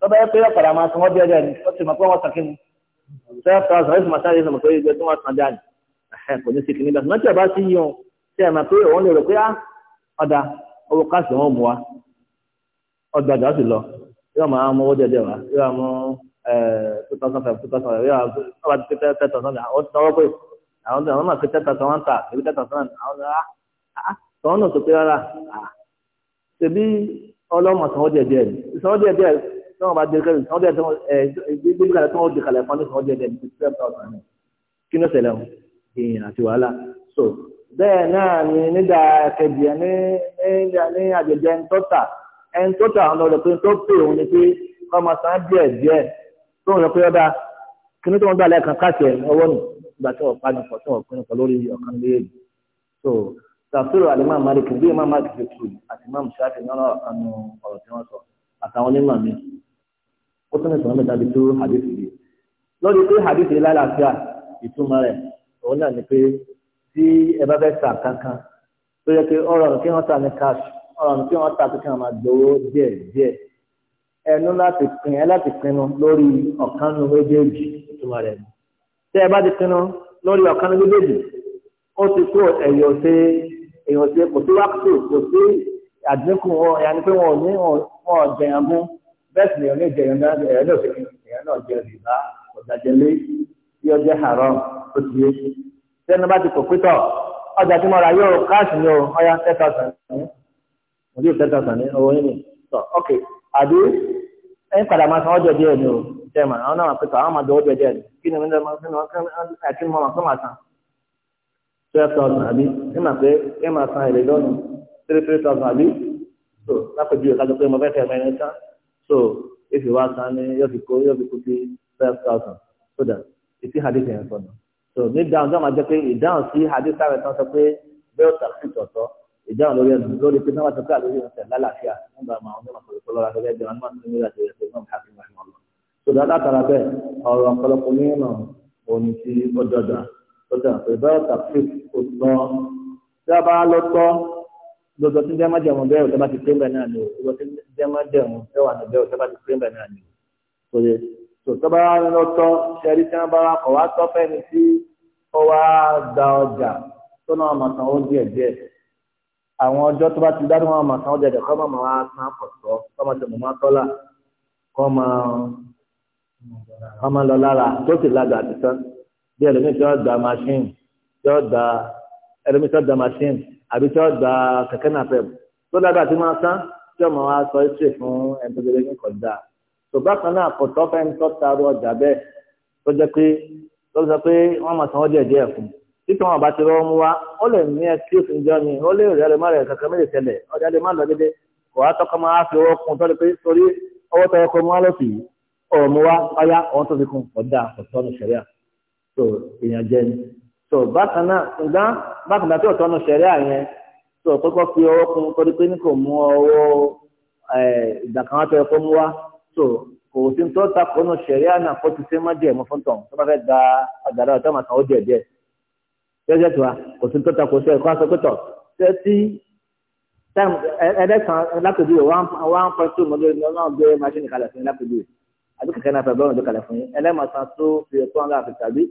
tọ́ba yẹ pé ọ̀pọ̀lọpọ̀ máa san wọ́n bí ọjà ni ó ti mọ̀ pé wọ́n san kí ni twelve thousand ẹ̀sùn màtá yẹn mọ̀ pé ìgbẹ́ tí wọ́n san dáa ni kò ní sí kìíní bẹ́ẹ̀ ṣùgbọ́n tí ọba sí yíyan tí ẹ̀ mọ̀ pé òun lè rò pé ah, ọ̀dà owó káàsì wọn mú wa ọgbà àgbà sì lọ yóò máa mú owó jẹjẹ wa yóò mú two thousand five two thousand five yóò máa ti pé ten thousand àwọn ti sanwó pé àwọn ti àwọn náà pé ten thousand one ta ah, ah, ebi náà bá dé kẹrin ọdẹ tó ẹ gbígbé kalẹ̀ tó ọdẹ kalẹ̀ fún ọdẹ ẹdẹ ní twelve thousand naira kí ló ṣẹlẹ̀ o èèyàn àti wàhálà so bẹ́ẹ̀ náà ni nígbà kejì ẹ ní ní àjẹjẹ ntọ́ta ntọ́ta ọ̀nà ọ̀dọ̀ pé tó pè òun ni pé ọmọ san díẹ̀ díẹ̀ tó ń lọ pé ọ̀dà kí ni tó ń gbà lẹ́ẹ̀kan káàkiri ọwọ́ nù ìgbà tí wọ́n pàdé pọ̀ tí wọ́n pinnu pọ̀ lórí ọ̀kan léèrè so tàfírò alimami malik bí imam malik ṣe tù àti imam shafi náà ọ̀kan ọ̀rọ̀ tí wọ́n sọ àtàwọn onímọ̀ mi ó tún ní sọ̀rọ̀ mẹ́ta bí tó hadith yìí lórí pé hadith yìí lálàáfíà ìtumọ̀ rẹ̀ òun náà ni pé tí ẹ bá fẹ́ sà kankan tó yẹ pé ọ̀rọ̀ kí wọ́n tà ní cash ọ̀rọ̀ kí wọ́n tà kí wọ́n máa gbowó díẹ̀ díẹ̀ ẹnu láti pin ẹ láti pinnu lórí ọ̀kanu méjèèjì ìtumọ̀ rẹ̀ tẹ́ ẹ bá ti pinnu lórí ọ̀kanu méjèèjì ó ti kó ẹ̀yọ̀ ṣe èèyàn ṣe kò sí wákàtí kò sí àdínkù wọn ìyá ni pé wọn ò ní wọn ò jẹyàn gún bẹ́ẹ̀ sì ni ọ̀nà ìjẹ ìyọ̀nda ẹ̀yọ́ náà ṣe ìyọ̀n náà jẹ rìbá ọ̀dàjẹlé tí ọjẹ́ haram ó ti yé sẹ́nu bá ti kò pétọ̀ ọjà tí mo ra yóò káàsì ni o ọya ten thousand ní mo ní ten thousand ní owó yín ni tọ ok àbí ẹ̀yin padà máa san ọjọ́ díẹ̀ ni o tẹ́ẹ̀mà àwọn náà máa pétọ̀ àwọn máa dọ̀ ọjọ́ díẹ̀ ni kí ni mo ní ọmọ twelve thousand àbí ẹ máa pé ẹ máa mo fẹ́ so if you want sani yóò fi kó yóò fi kó sí twelve thousand so that ìtí hadith yẹn sọnù so ní dáhùn sọ ma jẹ pé ìdáhùn sí hadith sáré tán sọ pé bẹ́ẹ̀ tàbí tọ̀tọ̀ ìdáhùn lórí ẹnu lórí pé náà tọ́ka lórí ẹnu tẹ̀lé lálàáfíà nígbà máa ń mọ̀ pẹ̀lú kọlọ́ra lórí ẹgbẹ̀rún ní máa ń tẹ̀lé àti ẹgbẹ̀rún náà hàkí máa ń lọ. sọdọ̀ látara bẹ́ẹ̀ ọ̀rọ̀ ọ̀pọ̀lọpọ̀ nínú òní ti ọdọọdọ tọ́jà pé bẹ́ẹ̀ tàbí òtọ́ tí a bá lọ tọ́ gbogbo tí jẹ́ májẹ̀mú bẹ́ẹ̀ ò tẹ́bá ti pín bẹ́ẹ̀ náà ni o gbogbo tí jẹ́ májẹ̀mú ẹwà náà bẹ́ẹ̀ ò tẹ́bá ti pín bẹ́ẹ̀ náà ni o kò yẹ tó tọ́ba lọ tọ́ ṣẹ́rí tí wọ́n bá wà kọ̀ wá tọ́ fẹ́ni tí ó wá da ọjà tó náà mà san ó díẹ̀ díẹ̀ àwọn ọjọ́ tó bá ti dá níwọ̀n mà san ó dẹ̀dẹ̀ kọ́ mọ̀ wá san kọ̀tọ́ kọ́ mọ̀ tẹ̀mọ̀ má tọ́lá kọ́ mọ̀ lọ lára tó sì da machine tí wọ́n da ẹlòmíì àbí tí wọ́n gba kẹ̀kẹ́ náà fẹ́ tó lágbà tí wọ́n san tí ọmọ wa sọ ṣe fún ẹni tó gbẹdẹ nǹkan dá ṣùgbọ́n kan náà kò tọ́ fẹ́ ń tọ́ taru ọjà bẹ́ẹ̀ tó jẹ́ pé tó sọ pé wọ́n máa sanwó díẹ̀ díẹ̀ fún títí wọn bá ti rọ́ mú wa ó lè ní ẹkí òfin jọ ni ó lè rẹ̀ lè má rẹ̀ kankan méjì tẹ̀lẹ̀ ọjà lè má lọ dédé kò wá tọ́kọ máa fi owó kún tọ́lẹ̀ pé torí owó tọ́yẹ kó mú wa lọ́sì yìí mú wa ọ̀yá ọ̀hún tó fi kún ọ̀dà ọ̀tọ́ nìṣẹ̀ríà tó èèyàn ni so bákan náà ṣùgbọ́n bákan náà tí ọ̀tọ́ nu ṣẹ̀rí àyẹn so kọ́kọ́ fi ọwọ́ kún kọ́ni pé ní kò mú ọwọ́ ìgbà kan wá tẹ́ kó mú wá so kò sí tó ta kó nu ṣẹ̀rí àná kó ti ṣe má jẹ́ ẹ̀mú fún tọ̀hún tó bá fẹ́ gba àgbàdo ọ̀tọ́ màkà ó jẹ̀ díẹ̀ jẹ́jẹ́ tiwa kò sí tó ta kó ṣe ẹ̀kọ́ àṣọpẹ́tọ̀ ṣé tí ẹ̀ẹ́dẹ́kan lápẹ̀jùwe one point two million náà gbé máṣíìnì kalẹ̀ fún lápẹ̀jùwe àbí kẹ̀kẹ́ náà fẹ́ bọ́ọ̀rùn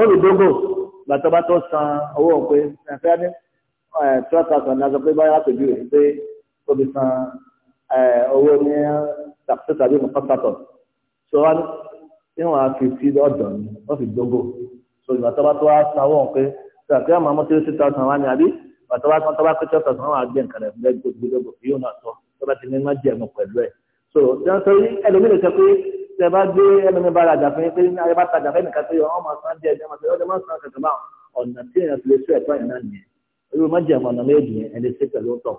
olùdógò gbàtọ́ bá tó san owó pé ẹ̀fẹ́ ní twelve thousand náà sọ pé báyọ̀ àpèjú rẹ̀ pé ó fi san owó ní tàkìtì tàbí nǹkan pàtó so wọn ìwọ̀n àfìsí ọ̀dọ̀ ni wọ́n fi dógò so gbàtọ́ bá tó wá san owó pé tàbí àwọn ọmọ tí ó ti tà sàn wá ní àbí gbàtọ́ bá tó wá pé twelve thousand wọn á gbé nǹkan rẹ̀ fún ẹgbẹ́ gbogbo yóò náà sọ tó bá ti ní má jẹ̀mú pẹ̀lú ẹ̀ so tẹ bá gbé ẹnìmí bá rajà fún yín pé ní ayébá tajà fẹ́ nìkan pé ọmọ máa san díẹ̀ díẹ̀ máa san ọdún máa san kankan bá ọ̀nà tí èèyàn fi lè sọ ẹ̀tọ́ ìná nìyẹn irú má jẹ̀mọ̀ ọ̀nà méjì yẹn ẹni ṣe pẹ̀lú ọ̀tọ̀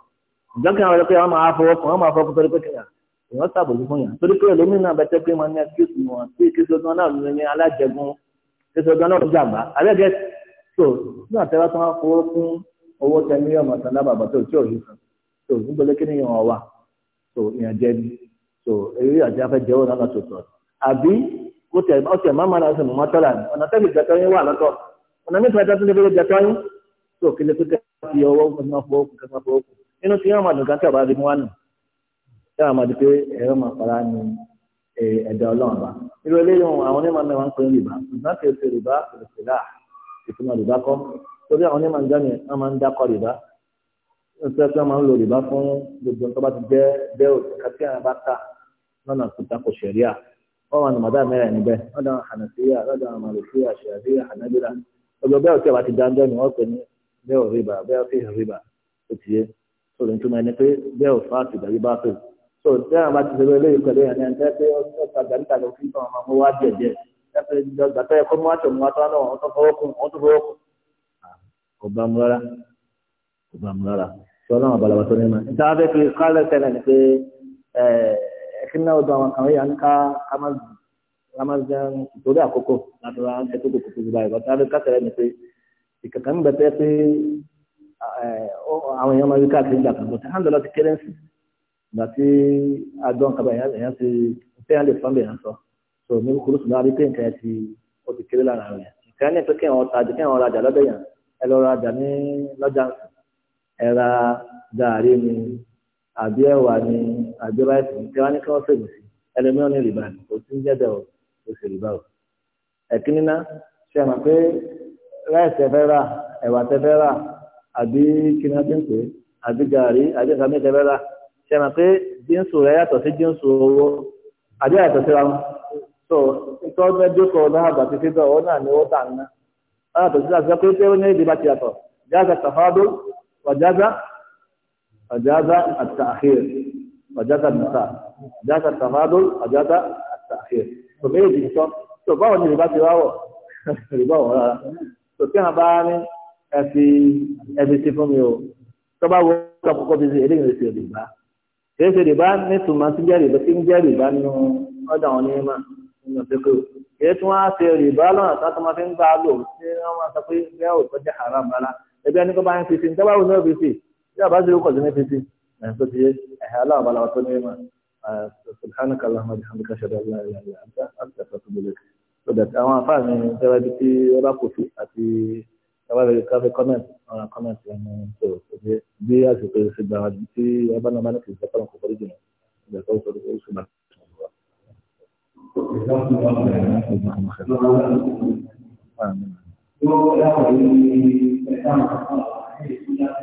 ǹjọ́ kí àwọn ẹlẹ́pẹ́ wọn máa fọwọ́ kan wọn máa fọwọ́ torí pé kìnìyàn èèyàn sàbòjú fún yàn torí pé ẹlòmíín náà bẹ́tẹ́ pé wọn ní ẹkíṣù wọn tí kíṣù ọdún náà ló so eré àti afẹ́jẹ́wò náà lọ́tọ̀ tọ̀ àbí kó tẹ̀ ọ̀tẹ̀ máa máa lọ́sẹ̀ mọ́ tọ́lá ọ̀nà tẹ́lẹ̀ jẹ́ tọ́yìn wà lọ́tọ̀ ọ̀nà mẹ́fà ẹ̀dá tún lè fẹ́ jẹ́ tọ́yìn so kí lè tó tẹ́ fi ọwọ́ kọ́sán fọwọ́ kọ́sán fọwọ́ nínú tí yóò máa dùn káńtà bá rí mú wánu yóò máa di pé ẹ̀rọ máa fara ní ẹ̀dá ọlọ́run bá irú eléyìí àwọn onímọ̀ náà wọ́n ń pè fún gbogbo nǹkan bá ti jẹ́ bẹ́ẹ̀ òkè kàtí àwọn bá ta lọ́nà tó tako ṣẹ̀ríà wọ́n wà ní mọ̀dá mẹ́rin níbẹ̀ lọ́dọ̀ hànàfíà lọ́dọ̀ màlúfíà ṣàfíà hànàbílà ọjọ́ bẹ́ẹ̀ tí a bá ti dáńjọ́ ni wọ́n pè ní bẹ́ẹ̀ rìbà bẹ́ẹ̀ fi rìbà ó ti yé so ní túmọ̀ ẹni pé bẹ́ẹ̀ ò fáàtì ìdájí bá fẹ́ so tí a bá ti ṣe lóye lóye pẹ̀lú ẹ̀yàn ẹ̀ńtẹ́ pé ó ta gàríkà lọ fún ìtàn ọmọ wa díẹ̀ díẹ̀ gbàtẹ́ ẹ̀kọ́ mú àtọ̀ mú àtọ̀ náà wọ́n tó fọwọ́ kún wọ́n tó fọwọ́ kún kò bá mu rárá kò bá mu rárá tí ọlọ́run àbálàbà tó ní ma níta wá fẹ́ fi kálẹ̀ tẹ́lẹ̀ ni pé ẹ̀ẹ́ kí náà dùn àwọn kàwé yàn ká kámásán torí àkókò láti wá ẹtú kòkò tó báyìí bàtà ká tẹ̀lé mi pé ìkàkà ń bẹ̀tẹ̀ pé àwọn èèyàn máa rí káàkiri gbà kan bọ̀tà hàndọ̀lá ti kéré sí ìgbà tí àjọ nǹkan báyìí èèyàn ti fẹ́ hàn lè fọ́n bẹ̀yàn sọ so ní kúrú sùn láti pé nǹkan ẹ ti ó ti kéré lára rẹ̀ nǹkan ní pé kí wọn tajà kí wọn rajà àbí ẹ̀wà ni àbí ráìsì tí wọ́n ní kí wọ́n fèmí sí ẹlẹ́mìíràn ní rìbá kò sí ń jẹ́dẹ̀ o kò sì rìbá o. ẹ̀kíní ná ṣe mọ̀ pé ráìsì ẹ̀fẹ́ rà ẹ̀wà tẹ́fẹ́ rà àbí kíná tí ń pè àbí gàrí àbí ìsàmì tẹ́fẹ́ rà ṣe mọ̀ pé jíǹsù rẹ̀ yàtọ̀ sí jíǹsù owó àbí yàtọ̀ síra wọn. so nítorí wọn dúkọ̀ láàbà títí bẹ́ẹ̀ ó náà ní ó tà ń ná. فجاز التأخير فجاز النساء جاز التفاضل فجاز التأخير tó bẹ́ẹ̀ di sọ tó báwo ni rìbá ti wáwọ̀ rìbá wọ̀ rárá tó kí hàn bá ní ẹ̀fì ẹ̀fì sí fún mi o tó bá wọ ọkọ̀ kọ́kọ́ fi ṣe eléyìí ṣe rìbá kìí ṣe rìbá ní tùmọ̀ sí jẹ́ rìbá sí ń jẹ́ rìbá nínú ọ̀dà wọn ní ma nínú ṣẹ́kọ̀ kìí tún wá ṣe rìbá lọ́nà tó tó máa fi ń gbá lò ṣé wọ́n máa sọ pé bẹ́ẹ̀ ò tọ́jú haram rárá ẹgbẹ́ ní kó bá ń fi sí ní tó bá wù ní ó fi bí a bá ṣe kọ̀ sí ní fífi ẹ̀ tó ti yé ẹ̀hẹ́ aláàbàlà tó ní ìmọ̀ subhanaka allahumma wa bihamdika ashhadu an la ilaha illa anta astaghfiruka wa atubu ilaik so that àwọn afáàmì tẹ́wá bí tí wọ́n bá kò sí àti tẹ́wá bí káfí comment ọ̀nà comment yẹn ní so bí àsìkò ìṣègbà tí wọ́n bá náà bá ní kì í sọ́kọ́ ọ̀nà kò kọ́ díjìnà ìgbà tó ń sọ Amen.